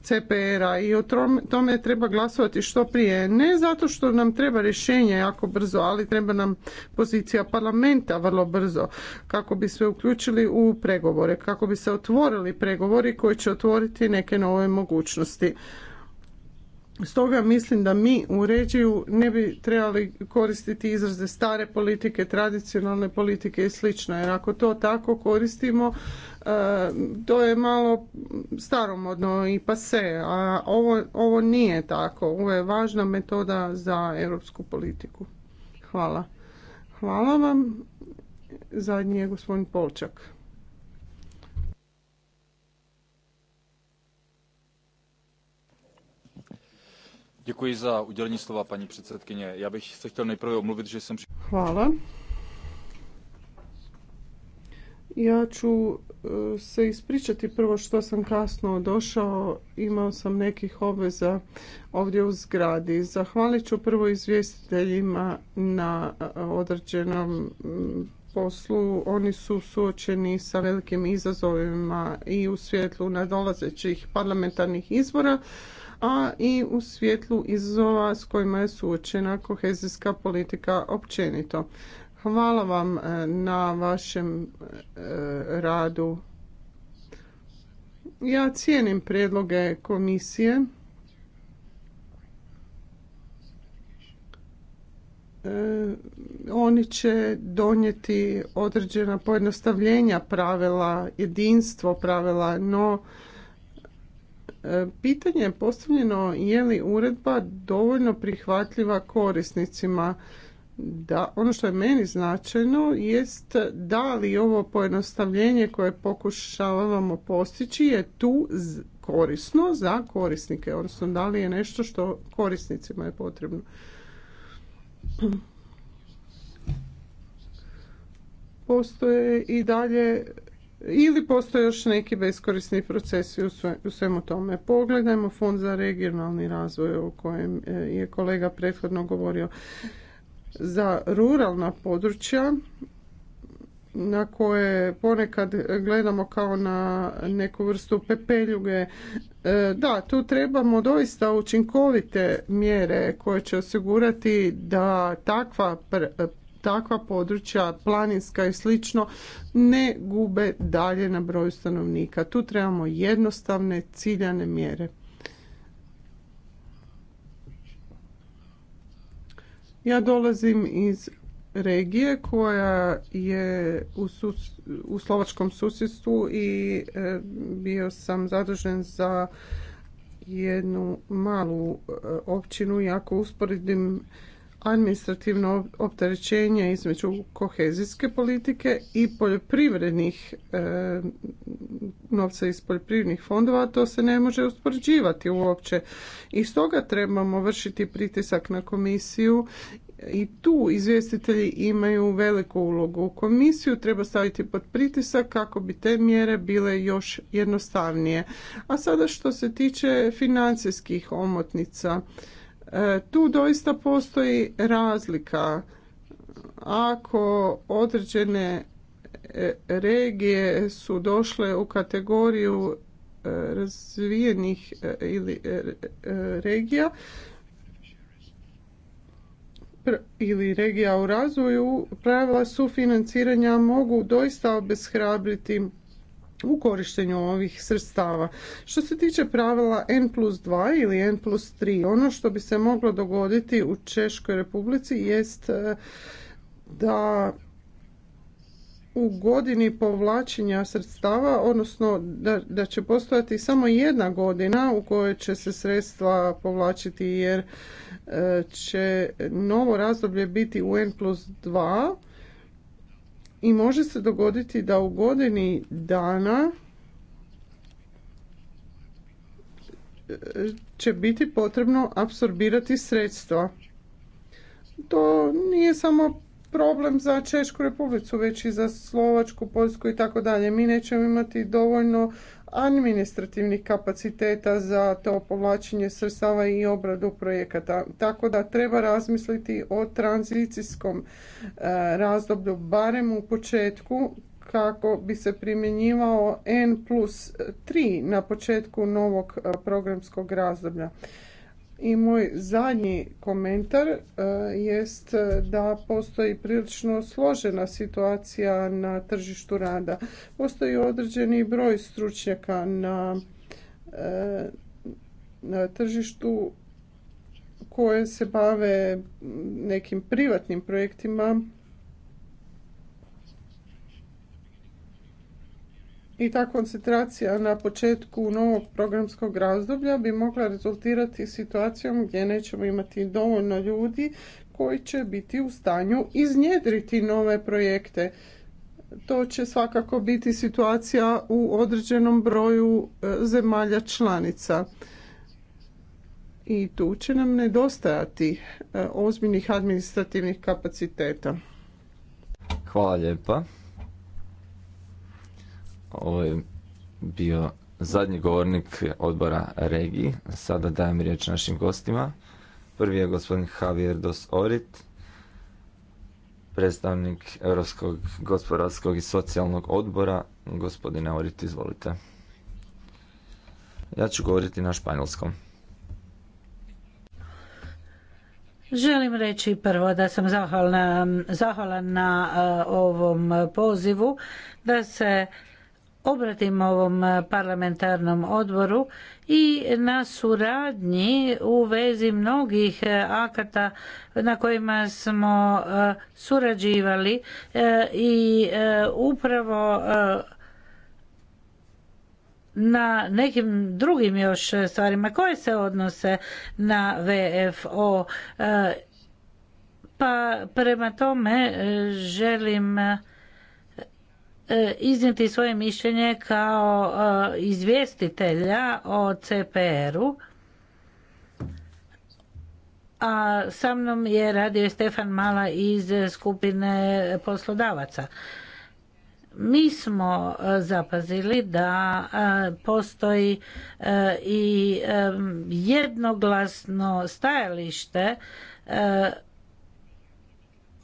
CPR-a i o tome treba glasovati što prije. Ne zato što nam treba rješenje jako brzo, ali treba nam pozicija parlamenta vrlo brzo kako bi se uključili u pregovore, kako bi se otvorili pregovori koji će otvoriti neke nove mogućnosti. Stoga mislim da mi u ređiju ne bi trebali koristiti izraze stare politike, tradicionalne politike i slično. Jer ako to tako koristimo, e, to je malo staromodno i pase, a ovo, ovo nije tako. Ovo je važna metoda za europsku politiku. Hvala. Hvala vam. Zadnji je gospodin Polčak. za slova, paní předsedkyně. Já bych se chtěl nejprve omluvit, že Hvala. Ja ću e, se ispričati prvo što sam kasno došao. Imao sam nekih obveza ovdje u zgradi. Zahvalit ću prvo izvjestiteljima na e, određenom poslu. Oni su suočeni sa velikim izazovima i u svjetlu nadolazećih parlamentarnih izbora a i u svjetlu izazova s kojima je suočena kohezijska politika općenito. Hvala vam e, na vašem e, radu. Ja cijenim predloge komisije. E, oni će donijeti određena pojednostavljenja pravila, jedinstvo pravila, no E, pitanje je postavljeno je li uredba dovoljno prihvatljiva korisnicima. Da, ono što je meni značajno jest da li ovo pojednostavljenje koje pokušavamo postići je tu korisno za korisnike, odnosno da li je nešto što korisnicima je potrebno. Postoje i dalje ili postoje još neki beskorisni procesi u svemu tome. Pogledajmo Fond za regionalni razvoj o kojem e, je kolega prethodno govorio. Za ruralna područja na koje ponekad gledamo kao na neku vrstu pepeljuge. E, da, tu trebamo doista učinkovite mjere koje će osigurati da takva takva područja, planinska i slično, ne gube dalje na broju stanovnika. Tu trebamo jednostavne, ciljane mjere. Ja dolazim iz regije koja je u, u slovačkom susjedstvu i e, bio sam zadužen za jednu malu e, općinu i ako usporedim administrativno opterećenje između kohezijske politike i poljoprivrednih e, novca iz poljoprivrednih fondova, to se ne može uspoređivati uopće. I stoga trebamo vršiti pritisak na komisiju i tu izvjestitelji imaju veliku ulogu. Komisiju treba staviti pod pritisak kako bi te mjere bile još jednostavnije. A sada što se tiče financijskih omotnica, E, tu doista postoji razlika. Ako određene e, regije su došle u kategoriju e, razvijenih ili regija ili regija u razvoju, pravila sufinanciranja mogu doista obeshrabriti u korištenju ovih sredstava. Što se tiče pravila N plus 2 ili N plus 3, ono što bi se moglo dogoditi u Češkoj republici jest e, da u godini povlačenja sredstava, odnosno da, da će postojati samo jedna godina u kojoj će se sredstva povlačiti jer e, će novo razdoblje biti u N plus i može se dogoditi da u godini dana e, će biti potrebno apsorbirati sredstva. To nije samo problem za Češku republicu, već i za Slovačku, Poljsku i tako dalje. Mi nećemo imati dovoljno administrativnih kapaciteta za to povlačenje sredstava i obradu projekata. Tako da treba razmisliti o tranzicijskom e, razdoblju, barem u početku, kako bi se primjenjivao N plus 3 na početku novog e, programskog razdoblja. I moj zadnji komentar e, jest e, da postoji prilično složena situacija na tržištu rada. Postoji određeni broj stručnjaka na, e, na tržištu koje se bave nekim privatnim projektima i ta koncentracija na početku novog programskog razdoblja bi mogla rezultirati situacijom gdje nećemo imati dovoljno ljudi koji će biti u stanju iznjedriti nove projekte. To će svakako biti situacija u određenom broju e, zemalja članica. I tu će nam nedostajati e, ozbiljnih administrativnih kapaciteta. Hvala lijepa. Ovo je bio zadnji govornik odbora regiji. Sada dajem riječ našim gostima. Prvi je gospodin Javier Dos Orit, predstavnik Europskog gospodarskog i socijalnog odbora. Gospodine Orit, izvolite. Ja ću govoriti na španjolskom. Želim reći prvo da sam zahvalna, zahvalna na eh, ovom pozivu da se obratim ovom e, parlamentarnom odboru i na suradnji u vezi mnogih e, akata na kojima smo e, surađivali i upravo na nekim drugim još stvarima koje se odnose na VFO. Pa prema tome želim E, iznijeti svoje mišljenje kao e, izvjestitelja o CPR-u. A sa mnom je radio Stefan Mala iz skupine poslodavaca. Mi smo e, zapazili da postoji i jednoglasno stajalište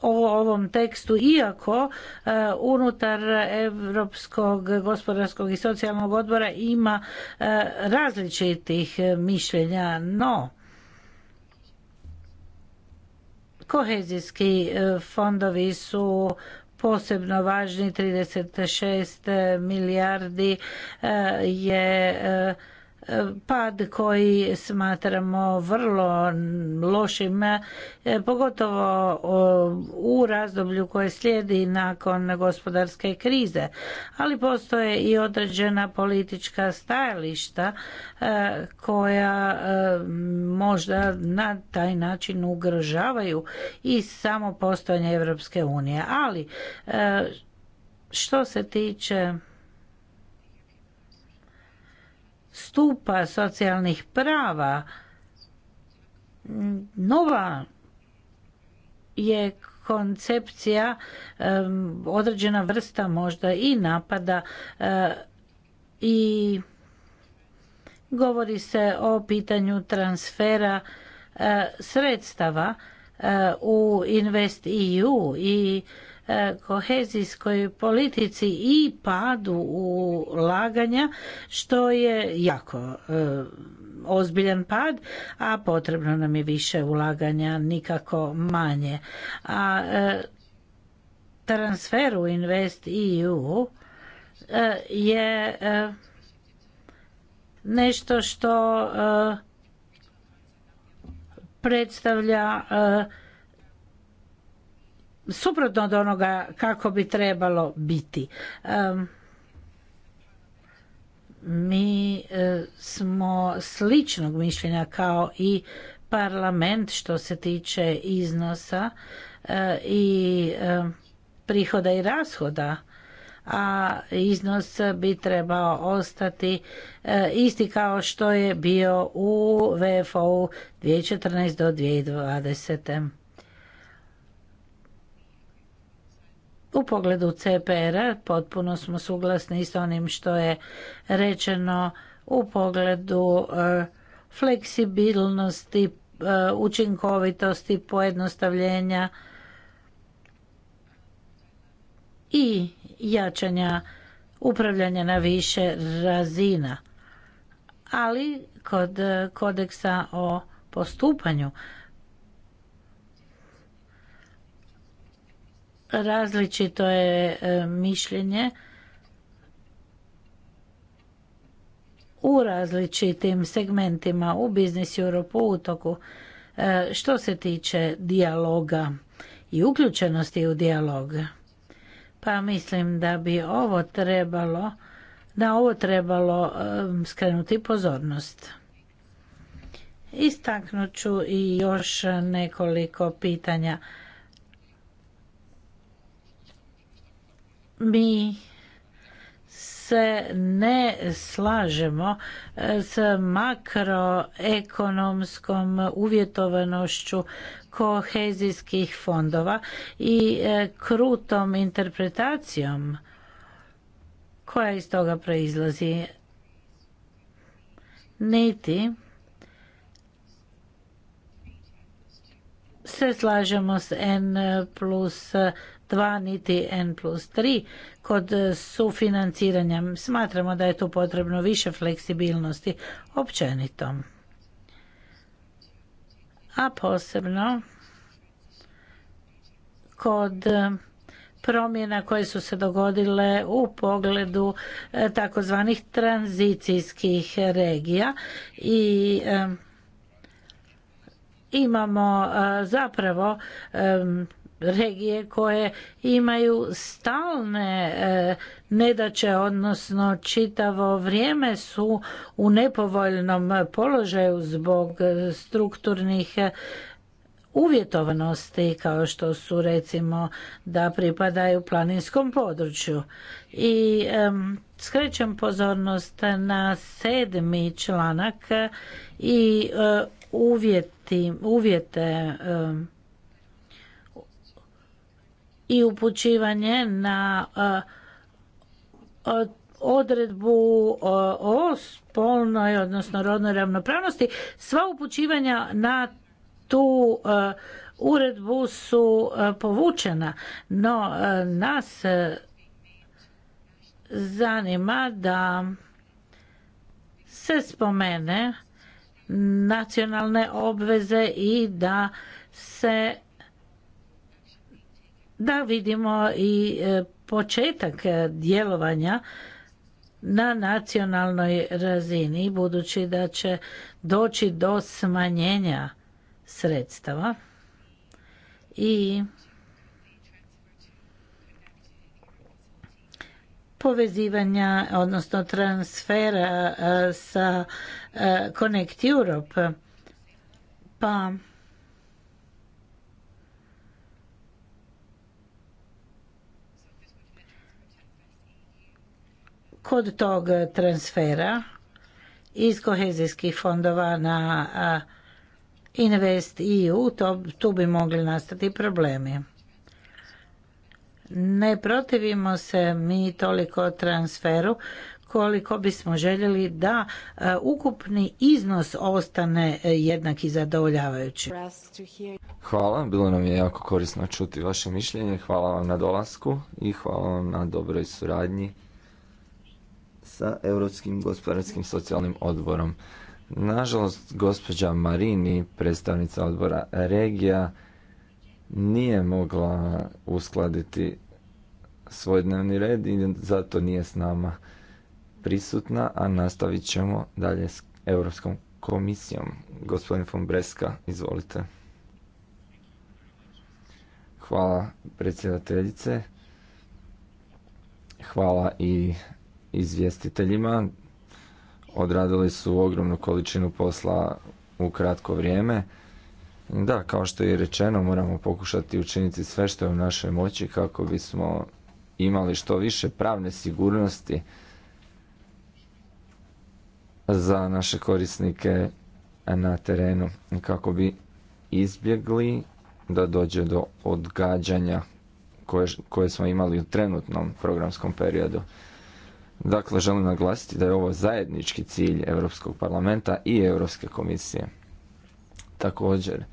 o ovom tekstu iako e, unutar Europskog gospodarskog i socijalnog odbora ima e, različitih e, mišljenja, no kohezijski fondovi su posebno važni 36 milijardi je E, pad koji smatramo vrlo lošim, e, pogotovo u razdoblju koje slijedi nakon gospodarske krize. Ali postoje i određena politička stajališta e, koja možda na taj način ugrožavaju i samo postojanje Europske unije. Ali što se tiče stupa socijalnih prava nova je koncepcija određena vrsta možda i napada eh, i govori se o pitanju transfera eh, sredstava eh, u Invest EU i E, kohezijskoj politici i padu ulaganja što je jako e, ozbiljan pad, a potrebno nam je više ulaganja, nikako manje. A e, transfer u Invest EU je nešto što predstavlja suprotno od onoga kako bi trebalo biti. Mi e, smo sličnog mišljenja kao i parlament što se tiče iznosa e, i e, prihoda i rashoda a iznos bi trebao ostati isti kao što je bio u vfo 2014. do 2020. U pogledu CPR-a potpuno smo suglasni s onim što je rečeno u pogledu e, fleksibilnosti, e, učinkovitosti, pojednostavljenja i jačanja upravljanja na više razina. Ali kod e, kodeksa o postupanju različito je e, mišljenje u različitim segmentima u Business Europe u utoku e, što se tiče dijaloga i uključenosti u dijalog. Pa mislim da bi ovo trebalo da ovo trebalo e, skrenuti pozornost. Istaknut ću i još nekoliko pitanja mi se ne slažemo e, s makroekonomskom uvjetovanošću kohezijskih fondova i e, krutom interpretacijom koja iz toga proizlazi niti se slažemo s N plus 2 niti N plus 3 kod sufinanciranja. Smatramo da je tu potrebno više fleksibilnosti općenito. A posebno kod promjena koje su se dogodile u pogledu e, takozvanih tranzicijskih regija i e, imamo e, zapravo regije koje imaju stalne e, nedaće, odnosno čitavo vrijeme su u nepovoljnom položaju zbog strukturnih e, uvjetovanosti kao što su recimo da pripadaju planinskom području. I skrećem pozornost na sedmi članak i e, uvjeti, uvjete i upućivanje na e, e, odredbu e, o spolnoj, odnosno rodnoj ravnopravnosti. Sva upućivanja na tu uredbu su povučena, no nas zanima da se spomene nacionalne obveze i da se da vidimo i e, početak e, djelovanja na nacionalnoj razini budući da će doći do smanjenja sredstava i povezivanja odnosno transfera e, sa Connect Europe pa kod tog transfera iz kohezijskih fondova na Invest EU, to, tu bi mogli nastati problemi. Ne protivimo se mi toliko transferu koliko bismo željeli da ukupni iznos ostane e, jednak i zadovoljavajući. Hvala, bilo nam je jako korisno čuti vaše mišljenje. Hvala vam na dolasku i hvala vam na dobroj suradnji sa Europskim gospodarskim socijalnim odborom. Nažalost, gospođa Marini, predstavnica odbora Regija, nije mogla uskladiti svoj dnevni red i zato nije s nama prisutna, a nastavit ćemo dalje s Europskom komisijom. Gospodin von Breska, izvolite. Hvala predsjedateljice. Hvala i izvjestiteljima. Odradili su ogromnu količinu posla u kratko vrijeme. Da, kao što je rečeno, moramo pokušati učiniti sve što je u našoj moći kako bismo imali što više pravne sigurnosti za naše korisnike na terenu kako bi izbjegli da dođe do odgađanja koje, koje smo imali u trenutnom programskom periodu. Dakle, želim naglasiti da je ovo zajednički cilj Europskog parlamenta i Europske komisije. Također,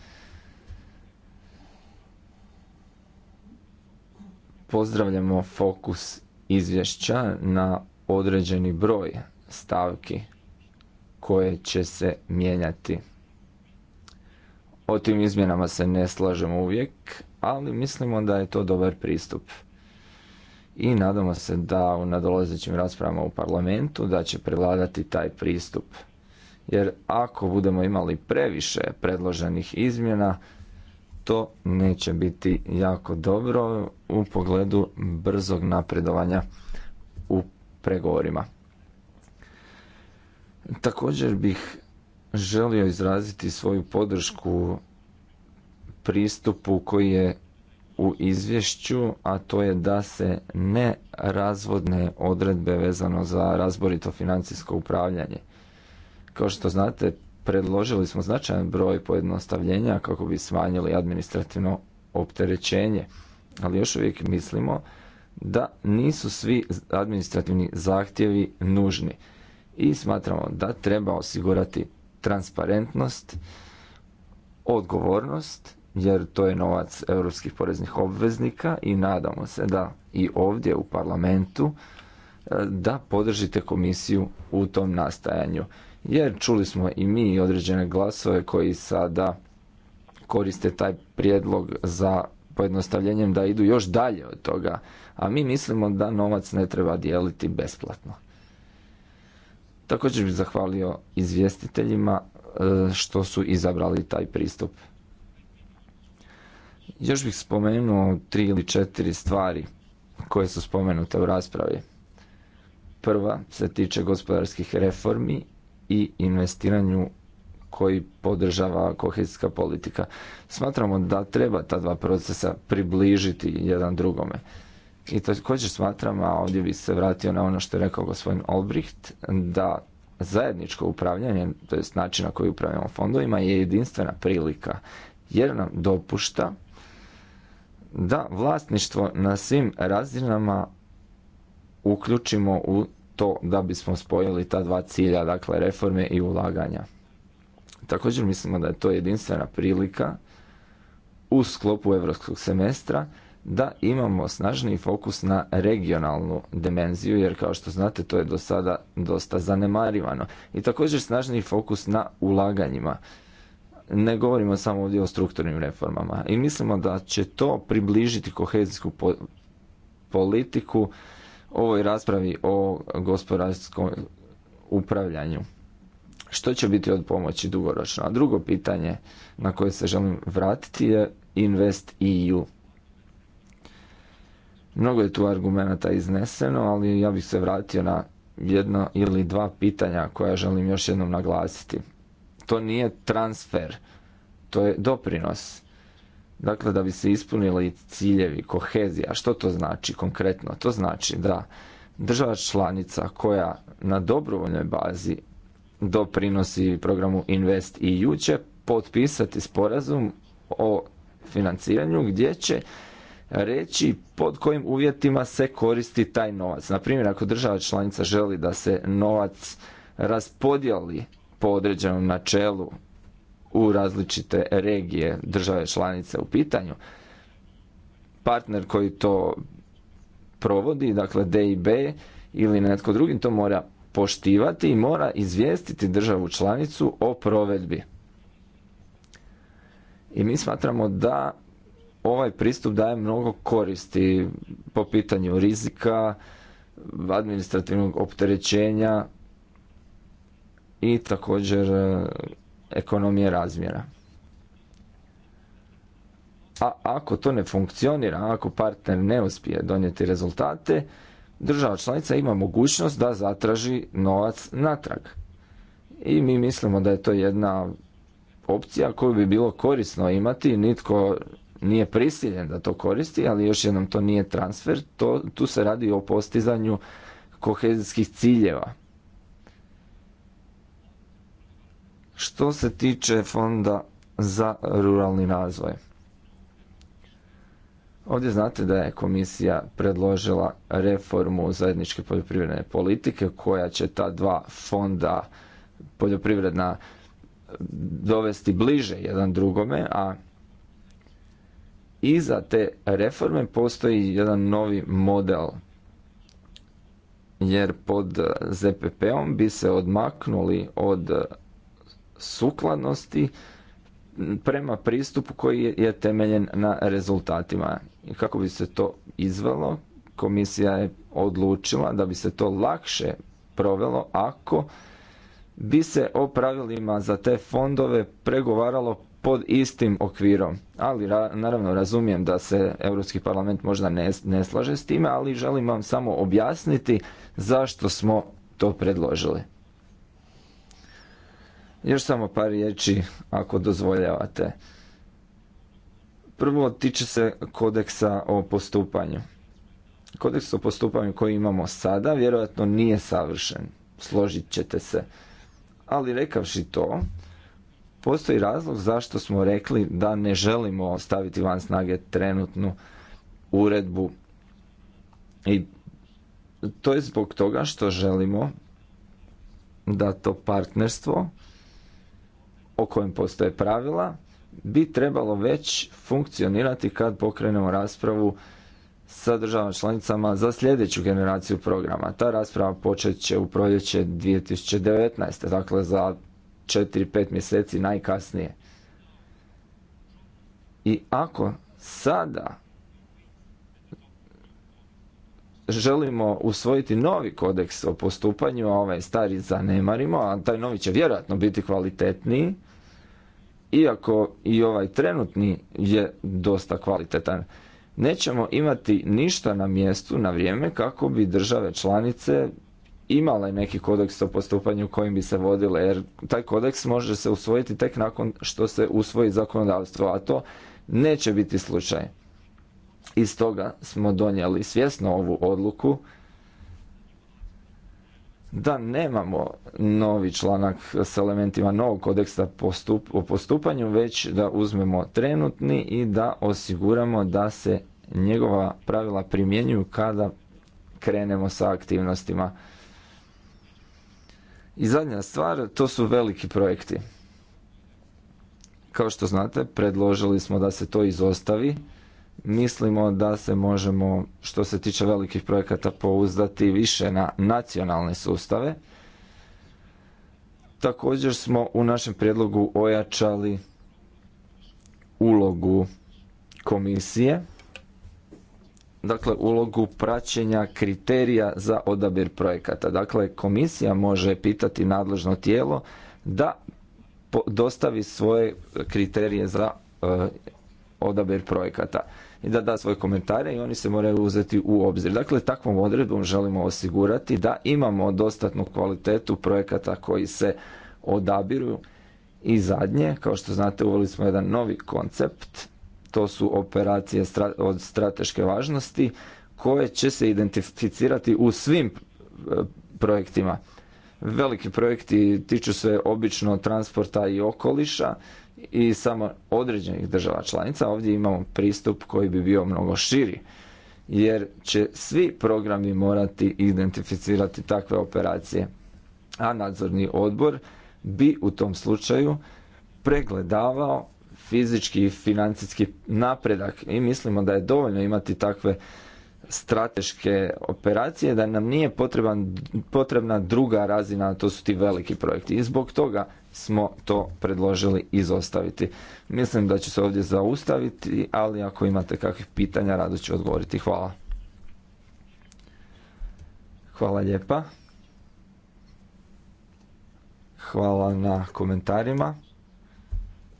pozdravljamo fokus izvješća na određeni broj stavki koje će se mijenjati. O tim izmjenama se ne slažemo uvijek, ali mislimo da je to dobar pristup i nadamo se da u nadolazećim raspravama u parlamentu da će prevladati taj pristup. Jer ako budemo imali previše predloženih izmjena, to neće biti jako dobro u pogledu brzog napredovanja u pregovorima. Također bih želio izraziti svoju podršku pristupu koji je u izvješću, a to je da se ne razvodne odredbe vezano za razborito financijsko upravljanje. Kao što znate, predložili smo značajan broj pojednostavljenja kako bi smanjili administrativno opterećenje, ali još uvijek mislimo da nisu svi administrativni zahtjevi nužni i smatramo da treba osigurati transparentnost, odgovornost jer to je novac europskih poreznih obveznika i nadamo se da i ovdje u parlamentu e, da podržite komisiju u tom nastajanju. Jer čuli smo i mi određene glasove koji sada koriste taj prijedlog za pojednostavljenjem da idu još dalje od toga, a mi mislimo da novac ne treba dijeliti besplatno. Također bih zahvalio izvjestiteljima e, što su izabrali taj pristup još bih spomenuo tri ili četiri stvari koje su spomenute u raspravi. Prva se tiče gospodarskih reformi i investiranju koji podržava kohezijska politika. Smatramo da treba ta dva procesa približiti jedan drugome. I također smatram, a ovdje bi se vratio na ono što je rekao gospodin Olbricht, da zajedničko upravljanje, to je način na koji upravljamo fondovima, je jedinstvena prilika jer nam dopušta da vlasništvo na svim razinama uključimo u to da bismo spojili ta dva cilja, dakle reforme i ulaganja. Također mislimo da je to jedinstvena prilika u sklopu europskog semestra da imamo snažniji fokus na regionalnu dimenziju, jer kao što znate to je do sada dosta zanemarivano. I također snažniji fokus na ulaganjima ne govorimo samo ovdje o strukturnim reformama i mislimo da će to približiti kohezijsku politiku ovoj raspravi o gospodarskom upravljanju. Što će biti od pomoći dugoročno? A drugo pitanje na koje se želim vratiti je Invest EU. Mnogo je tu argumenata izneseno, ali ja bih se vratio na jedno ili dva pitanja koja želim još jednom naglasiti to nije transfer, to je doprinos. Dakle, da bi se ispunili ciljevi, kohezija, što to znači konkretno? To znači da država članica koja na dobrovoljnoj bazi doprinosi programu Invest EU će potpisati sporazum o financiranju gdje će reći pod kojim uvjetima se koristi taj novac. Na primjer, ako država članica želi da se novac raspodijeli po određenom načelu u različite regije države članice u pitanju. Partner koji to provodi, dakle DIB ili netko drugi to mora poštivati i mora izvijestiti državu članicu o provedbi. I mi smatramo da ovaj pristup daje mnogo koristi po pitanju rizika, administrativnog opterećenja i također e, ekonomije razmjera. A ako to ne funkcionira, ako partner ne uspije donijeti rezultate, država članica ima mogućnost da zatraži novac natrag. I mi mislimo da je to jedna opcija koju bi bilo korisno imati, nitko nije prisiljen da to koristi, ali još jednom to nije transfer, to, tu se radi o postizanju kohezijskih ciljeva. što se tiče fonda za ruralni razvoj. Ovdje znate da je komisija predložila reformu zajedničke poljoprivredne politike koja će ta dva fonda poljoprivredna dovesti bliže jedan drugome, a iza te reforme postoji jedan novi model jer pod ZPP-om bi se odmaknuli od sukladnosti prema pristupu koji je temeljen na rezultatima. kako bi se to izvelo, komisija je odlučila da bi se to lakše provelo ako bi se o pravilima za te fondove pregovaralo pod istim okvirom. Ali naravno razumijem da se Europski parlament možda ne, ne slaže s time, ali želim vam samo objasniti zašto smo to predložili. Još samo par riječi, ako dozvoljavate. Prvo tiče se kodeksa o postupanju. Kodeks o postupanju koji imamo sada vjerojatno nije savršen, složit ćete se. Ali rekavši to, postoji razlog zašto smo rekli da ne želimo staviti van snage trenutnu uredbu. I to je zbog toga što želimo da to partnerstvo o kojem postoje pravila bi trebalo već funkcionirati kad pokrenemo raspravu sa državama članicama za sljedeću generaciju programa. Ta rasprava počet će u proljeće 2019. Dakle, za 4-5 mjeseci najkasnije. I ako sada želimo usvojiti novi kodeks o postupanju, a ovaj stari zanemarimo, a taj novi će vjerojatno biti kvalitetniji, iako i ovaj trenutni je dosta kvalitetan. Nećemo imati ništa na mjestu na vrijeme kako bi države članice imale neki kodeks o postupanju kojim bi se vodile, jer taj kodeks može se usvojiti tek nakon što se usvoji zakonodavstvo, a to neće biti slučaj. Iz toga smo donijeli svjesno ovu odluku da nemamo novi članak s elementima novog kodeksa postup, o postupanju, već da uzmemo trenutni i da osiguramo da se njegova pravila primjenjuju kada krenemo sa aktivnostima. I zadnja stvar, to su veliki projekti. Kao što znate, predložili smo da se to izostavi mislimo da se možemo što se tiče velikih projekata pouzdati više na nacionalne sustave. Također smo u našem prijedlogu ojačali ulogu komisije, dakle ulogu praćenja kriterija za odabir projekata. Dakle, komisija može pitati nadležno tijelo da dostavi svoje kriterije za e, odabir projekata i da da svoje komentare i oni se moraju uzeti u obzir. Dakle, takvom odredbom želimo osigurati da imamo dostatnu kvalitetu projekata koji se odabiru. I zadnje, kao što znate, uveli smo jedan novi koncept. To su operacije od strateške važnosti koje će se identificirati u svim e, projektima. Veliki projekti tiču se obično transporta i okoliša i samo određenih država članica. Ovdje imamo pristup koji bi bio mnogo širi jer će svi programi morati identificirati takve operacije. A nadzorni odbor bi u tom slučaju pregledavao fizički i financijski napredak i mislimo da je dovoljno imati takve strateške operacije da nam nije potreban, potrebna druga razina, to su ti veliki projekti. I zbog toga smo to predložili izostaviti. Mislim da ću se ovdje zaustaviti, ali ako imate kakvih pitanja, rado ću odgovoriti. Hvala. Hvala lijepa. Hvala na komentarima.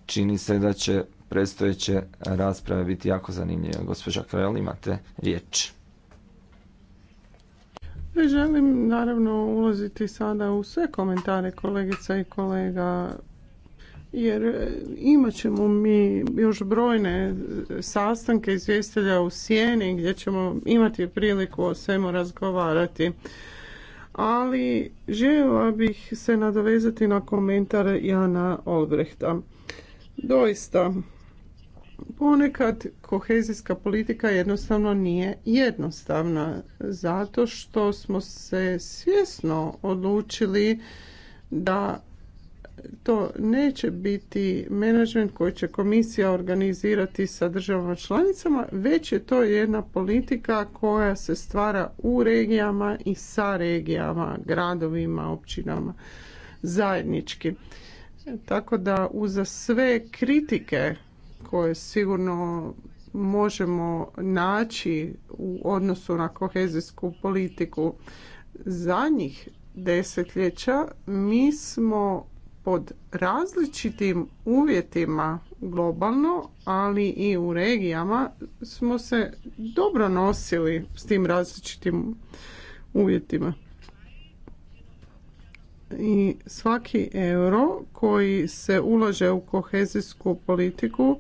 Čini se da će predstojeće rasprave biti jako zanimljive. Gospođa Krel, imate riječ želim naravno ulaziti sada u sve komentare kolegica i kolega jer e, imat ćemo mi još brojne e, sastanke izvjestelja u sjeni gdje ćemo imati priliku o svemu razgovarati. Ali željela bih se nadovezati na komentar Jana Olbrehta. Doista, Ponekad kohezijska politika jednostavno nije jednostavna zato što smo se svjesno odlučili da to neće biti menadžment koji će komisija organizirati sa državama članicama, već je to jedna politika koja se stvara u regijama i sa regijama, gradovima, općinama zajednički. Tako da uza sve kritike koje sigurno možemo naći u odnosu na kohezijsku politiku zadnjih desetljeća mi smo pod različitim uvjetima globalno, ali i u regijama smo se dobro nosili s tim različitim uvjetima i svaki euro koji se ulaže u kohezijsku politiku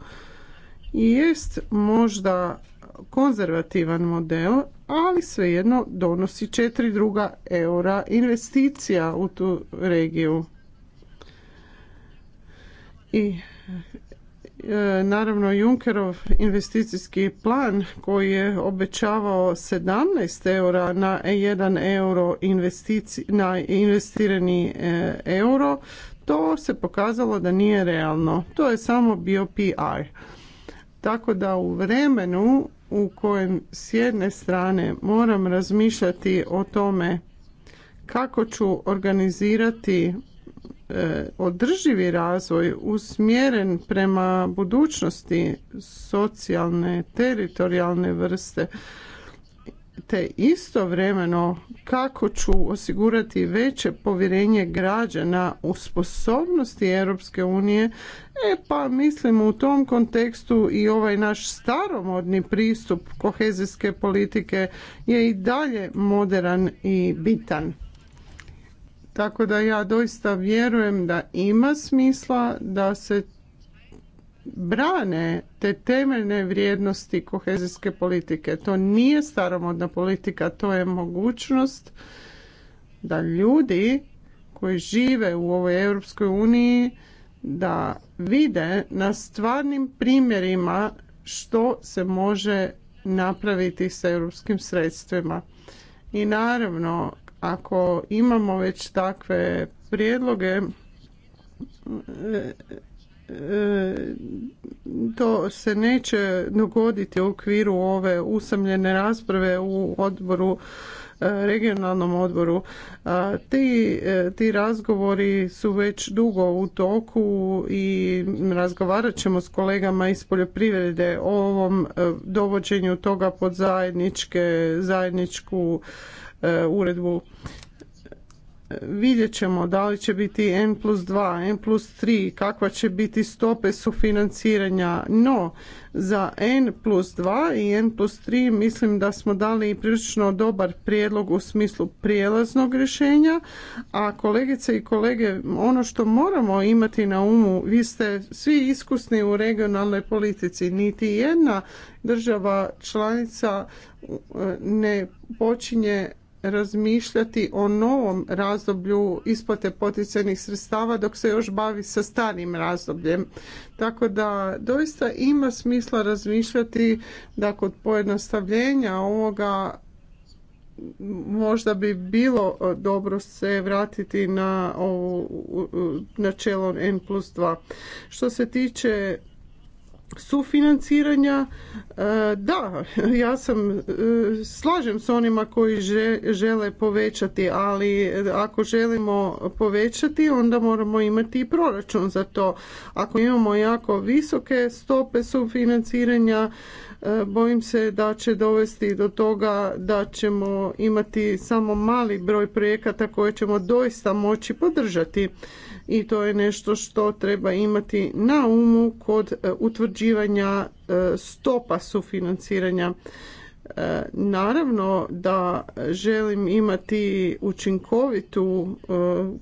jest možda konzervativan model, ali svejedno donosi četiri druga eura investicija u tu regiju. I E, naravno Junkerov investicijski plan koji je obećavao 17 eura na 1 euro na investirani e, euro, to se pokazalo da nije realno. To je samo bio PR. Tako da u vremenu u kojem s jedne strane moram razmišljati o tome kako ću organizirati E, održivi razvoj usmjeren prema budućnosti socijalne, teritorijalne vrste, te istovremeno kako ću osigurati veće povjerenje građana u sposobnosti Europske unije, e pa mislim u tom kontekstu i ovaj naš staromodni pristup kohezijske politike je i dalje moderan i bitan. Tako da ja doista vjerujem da ima smisla da se brane te temeljne vrijednosti kohezijske politike. To nije staromodna politika, to je mogućnost da ljudi koji žive u ovoj Europskoj uniji da vide na stvarnim primjerima što se može napraviti sa europskim sredstvima. I naravno, ako imamo već takve prijedloge to se neće dogoditi u okviru ove usamljene rasprave u odboru regionalnom odboru. Ti, ti razgovori su već dugo u toku i razgovarat ćemo s kolegama iz poljoprivrede o ovom e, dovođenju toga pod zajedničke, zajedničku E, uredbu. Vidjet ćemo da li će biti N plus 2, N plus 3, kakva će biti stope sufinanciranja, no za N plus 2 i N plus 3 mislim da smo dali prilično dobar prijedlog u smislu prijelaznog rješenja, a kolegice i kolege, ono što moramo imati na umu, vi ste svi iskusni u regionalnoj politici, niti jedna država članica ne počinje razmišljati o novom razdoblju isplate poticajnih sredstava dok se još bavi sa starim razdobljem. Tako da doista ima smisla razmišljati da kod pojednostavljenja ovoga možda bi bilo e, dobro se vratiti na ovo načelo N plus 2. Što se tiče sufinanciranja, e, da, ja sam, e, slažem s onima koji žele povećati, ali ako želimo povećati, onda moramo imati i proračun za to. Ako imamo jako visoke stope sufinanciranja, e, bojim se da će dovesti do toga da ćemo imati samo mali broj projekata koje ćemo doista moći podržati i to je nešto što treba imati na umu kod e, utvrđivanja e, stopa sufinanciranja. E, naravno da želim imati učinkovitu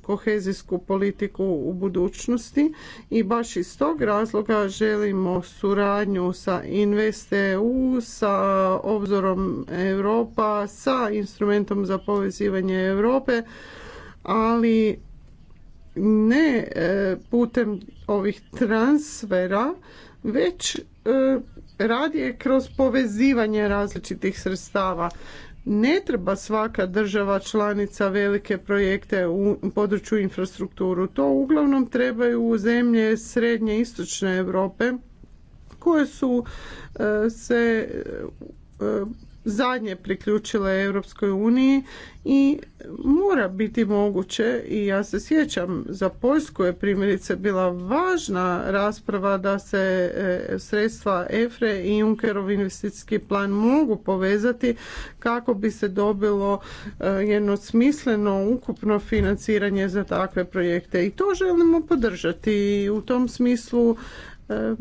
kohezijsku politiku u budućnosti i baš iz tog razloga želimo suradnju sa InvestEU, sa obzorom Europa, sa instrumentom za povezivanje Europe, ali ne e, putem ovih transfera, već e, radije kroz povezivanje različitih sredstava. Ne treba svaka država članica velike projekte u području infrastrukturu. To uglavnom trebaju zemlje srednje i istočne Europe koje su e, se zadnje priključile Europskoj uniji i mora biti moguće i ja se sjećam za Poljsku je primjerice bila važna rasprava da se e, sredstva EFRE i Junckerov investicijski plan mogu povezati kako bi se dobilo e, jedno smisleno ukupno financiranje za takve projekte i to želimo podržati i u tom smislu e,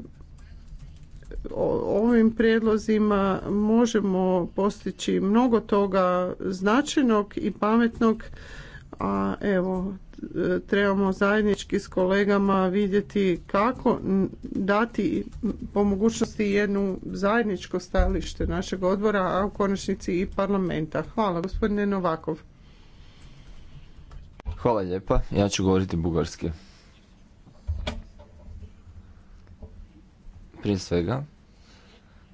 ovim prijedlozima možemo postići mnogo toga značajnog i pametnog, a evo trebamo zajednički s kolegama vidjeti kako dati po mogućnosti jednu zajedničko stajalište našeg odbora, a u konačnici i parlamenta. Hvala gospodine Novakov. Hvala lijepa, ja ću govoriti bugarski. Prije svega,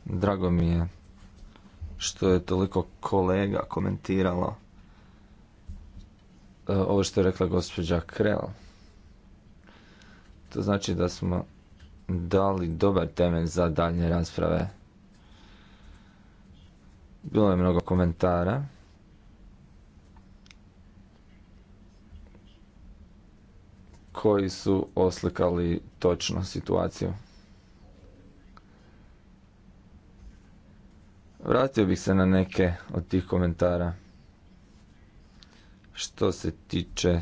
Drago mi je što je toliko kolega komentiralo e, ovo što je rekla gospođa Krell. To znači da smo dali dobar temelj za daljnje rasprave. Bilo je mnogo komentara. koji su oslikali točno situaciju. Vratio bih se na neke od tih komentara. Što se tiče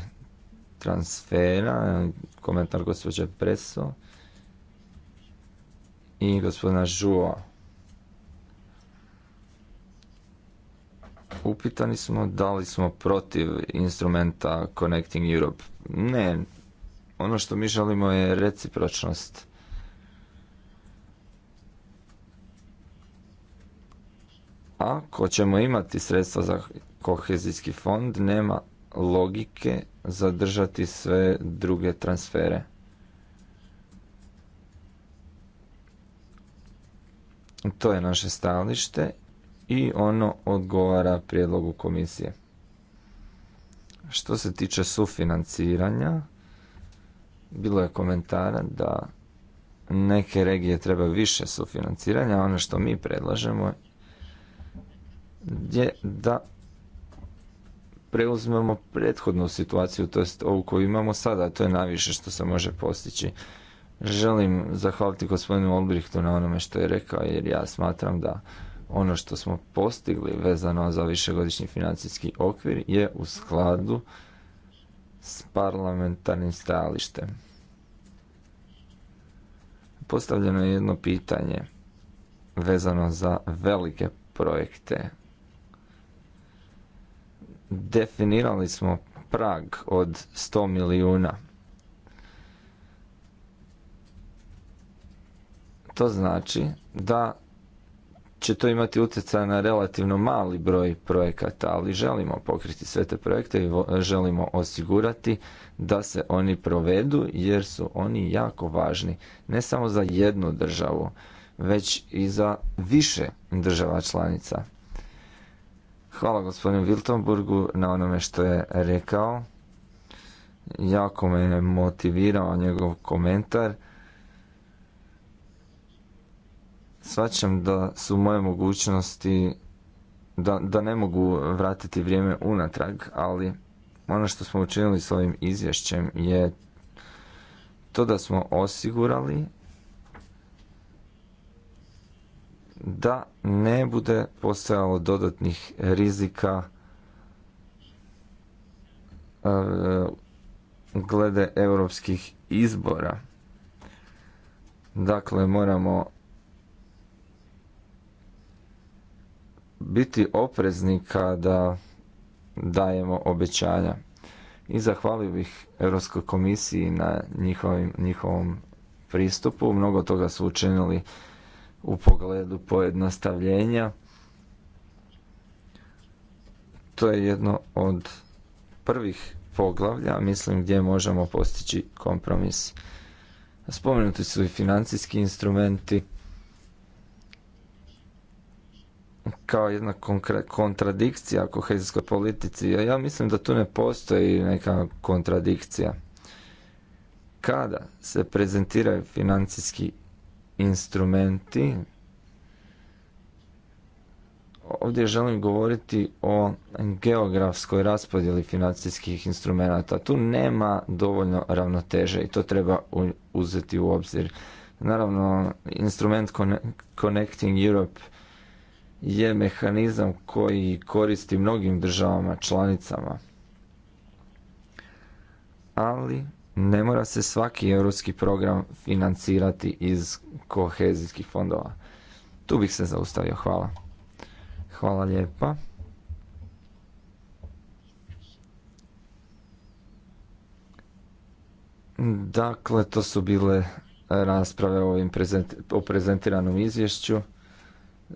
transfera, komentar gospođe Preso i gospodina Žuo. Upitani smo da li smo protiv instrumenta Connecting Europe. Ne, ono što mi želimo je recipročnost. Ako ćemo imati sredstva za kohezijski fond, nema logike zadržati sve druge transfere. To je naše stajalište i ono odgovara prijedlogu komisije. Što se tiče sufinanciranja, bilo je komentara da neke regije treba više sufinanciranja, a ono što mi predlažemo je da preuzmemo prethodnu situaciju, to jest ovu koju imamo sada, to je najviše što se može postići. Želim zahvaliti gospodinu Olbrichtu na onome što je rekao, jer ja smatram da ono što smo postigli vezano za višegodišnji financijski okvir je u skladu s parlamentarnim stajalištem. Postavljeno je jedno pitanje vezano za velike projekte definirali smo prag od 100 milijuna. To znači da će to imati utjecaj na relativno mali broj projekata, ali želimo pokriti sve te projekte i želimo osigurati da se oni provedu jer su oni jako važni ne samo za jednu državu, već i za više država članica. Hvala gospodinu Wiltonburgu na onome što je rekao. Jako me je motivirao njegov komentar. Svačam da su moje mogućnosti da, da ne mogu vratiti vrijeme unatrag, ali ono što smo učinili s ovim izvješćem je to da smo osigurali da ne bude postojalo dodatnih rizika eh, glede europskih izbora. Dakle, moramo biti oprezni kada dajemo obećanja. I zahvalio bih Europskoj komisiji na njihovom pristupu. Mnogo toga su učinili u pogledu pojednostavljenja. To je jedno od prvih poglavlja, mislim gdje možemo postići kompromis. Spomenuti su i financijski instrumenti kao jedna kontradikcija kohezijskoj politici, a ja mislim da tu ne postoji neka kontradikcija. Kada se prezentiraju financijski instrumenti. Ovdje želim govoriti o geografskoj raspodjeli financijskih instrumenata. Tu nema dovoljno ravnoteže i to treba uzeti u obzir. Naravno, instrument Connecting Europe je mehanizam koji koristi mnogim državama članicama. Ali ne mora se svaki europski program financirati iz kohezijskih fondova. Tu bih se zaustavio. Hvala. Hvala lijepa. Dakle, to su bile rasprave o, ovim prezentiranom izvješću.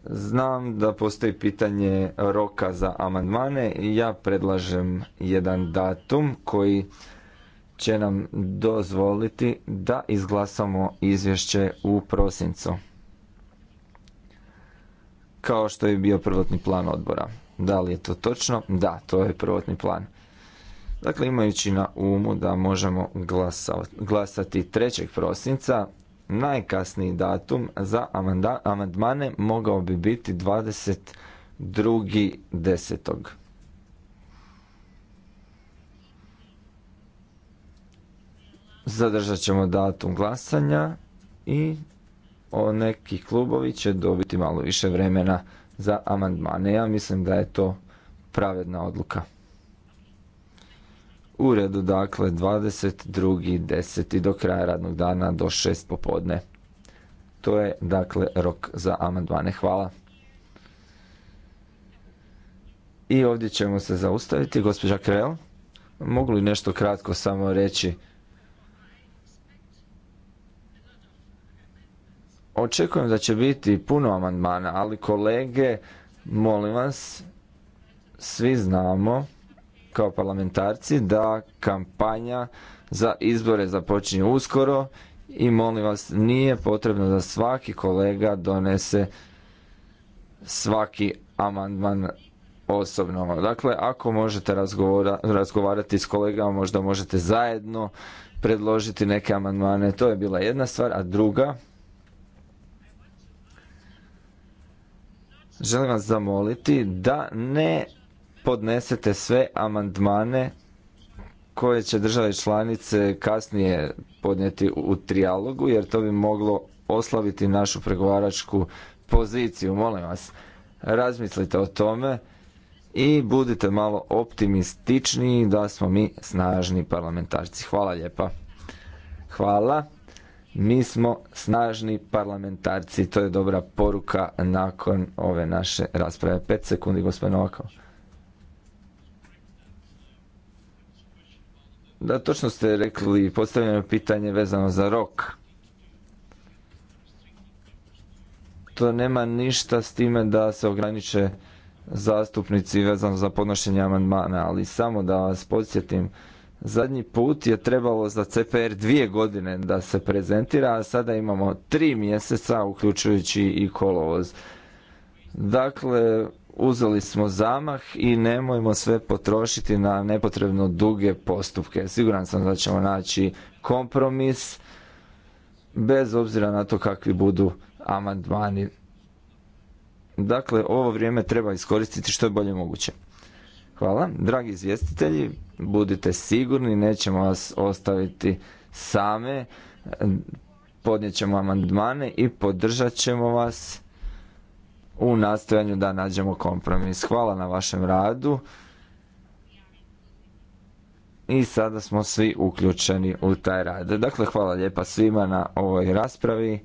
Znam da postoji pitanje roka za amandmane. Ja predlažem jedan datum koji će nam dozvoliti da izglasamo izvješće u prosincu. Kao što je bio prvotni plan odbora. Da li je to točno? Da, to je prvotni plan. Dakle, imajući na umu da možemo glasati 3. prosinca, najkasniji datum za amandmane mogao bi biti 22.10. Zadržat ćemo datum glasanja i o neki klubovi će dobiti malo više vremena za amandmane. Ja mislim da je to pravedna odluka. U redu, dakle, 22.10. do kraja radnog dana do 6 popodne. To je, dakle, rok za amandmane. Hvala. I ovdje ćemo se zaustaviti. Gospođa Krel, mogu li nešto kratko samo reći? Očekujem da će biti puno amandmana, ali kolege, molim vas, svi znamo kao parlamentarci da kampanja za izbore započinje uskoro i molim vas nije potrebno da svaki kolega donese svaki amandman osobno. Dakle, ako možete razgovarati s kolegama, možda možete zajedno predložiti neke amandmane. To je bila jedna stvar, a druga želim vas zamoliti da ne podnesete sve amandmane koje će države članice kasnije podnijeti u trijalogu jer to bi moglo oslaviti našu pregovaračku poziciju. Molim vas, razmislite o tome i budite malo optimističniji da smo mi snažni parlamentarci. Hvala lijepa. Hvala. Mi smo snažni parlamentarci, to je dobra poruka nakon ove naše rasprave. Pet sekundi, gospodin Novakov. Da, točno ste rekli postavljeno pitanje vezano za rok. To nema ništa s time da se ograniče zastupnici vezano za podnošenje amandmana, ali samo da vas podsjetim Zadnji put je trebalo za CPR dvije godine da se prezentira, a sada imamo tri mjeseca, uključujući i kolovoz. Dakle, uzeli smo zamah i nemojmo sve potrošiti na nepotrebno duge postupke. Siguran sam da ćemo naći kompromis, bez obzira na to kakvi budu amandmani. Dakle, ovo vrijeme treba iskoristiti što je bolje moguće. Hvala. Dragi izvjestitelji, budite sigurni, nećemo vas ostaviti same, podnijet ćemo amandmane i podržat ćemo vas u nastojanju da nađemo kompromis. Hvala na vašem radu i sada smo svi uključeni u taj rad. Dakle, hvala lijepa svima na ovoj raspravi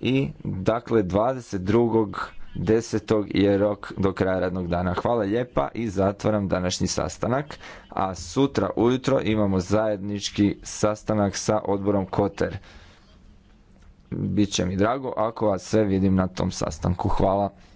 i dakle 22. 10. je rok do kraja radnog dana. Hvala lijepa i zatvaram današnji sastanak. A sutra ujutro imamo zajednički sastanak sa odborom Koter. Biće mi drago ako vas sve vidim na tom sastanku. Hvala.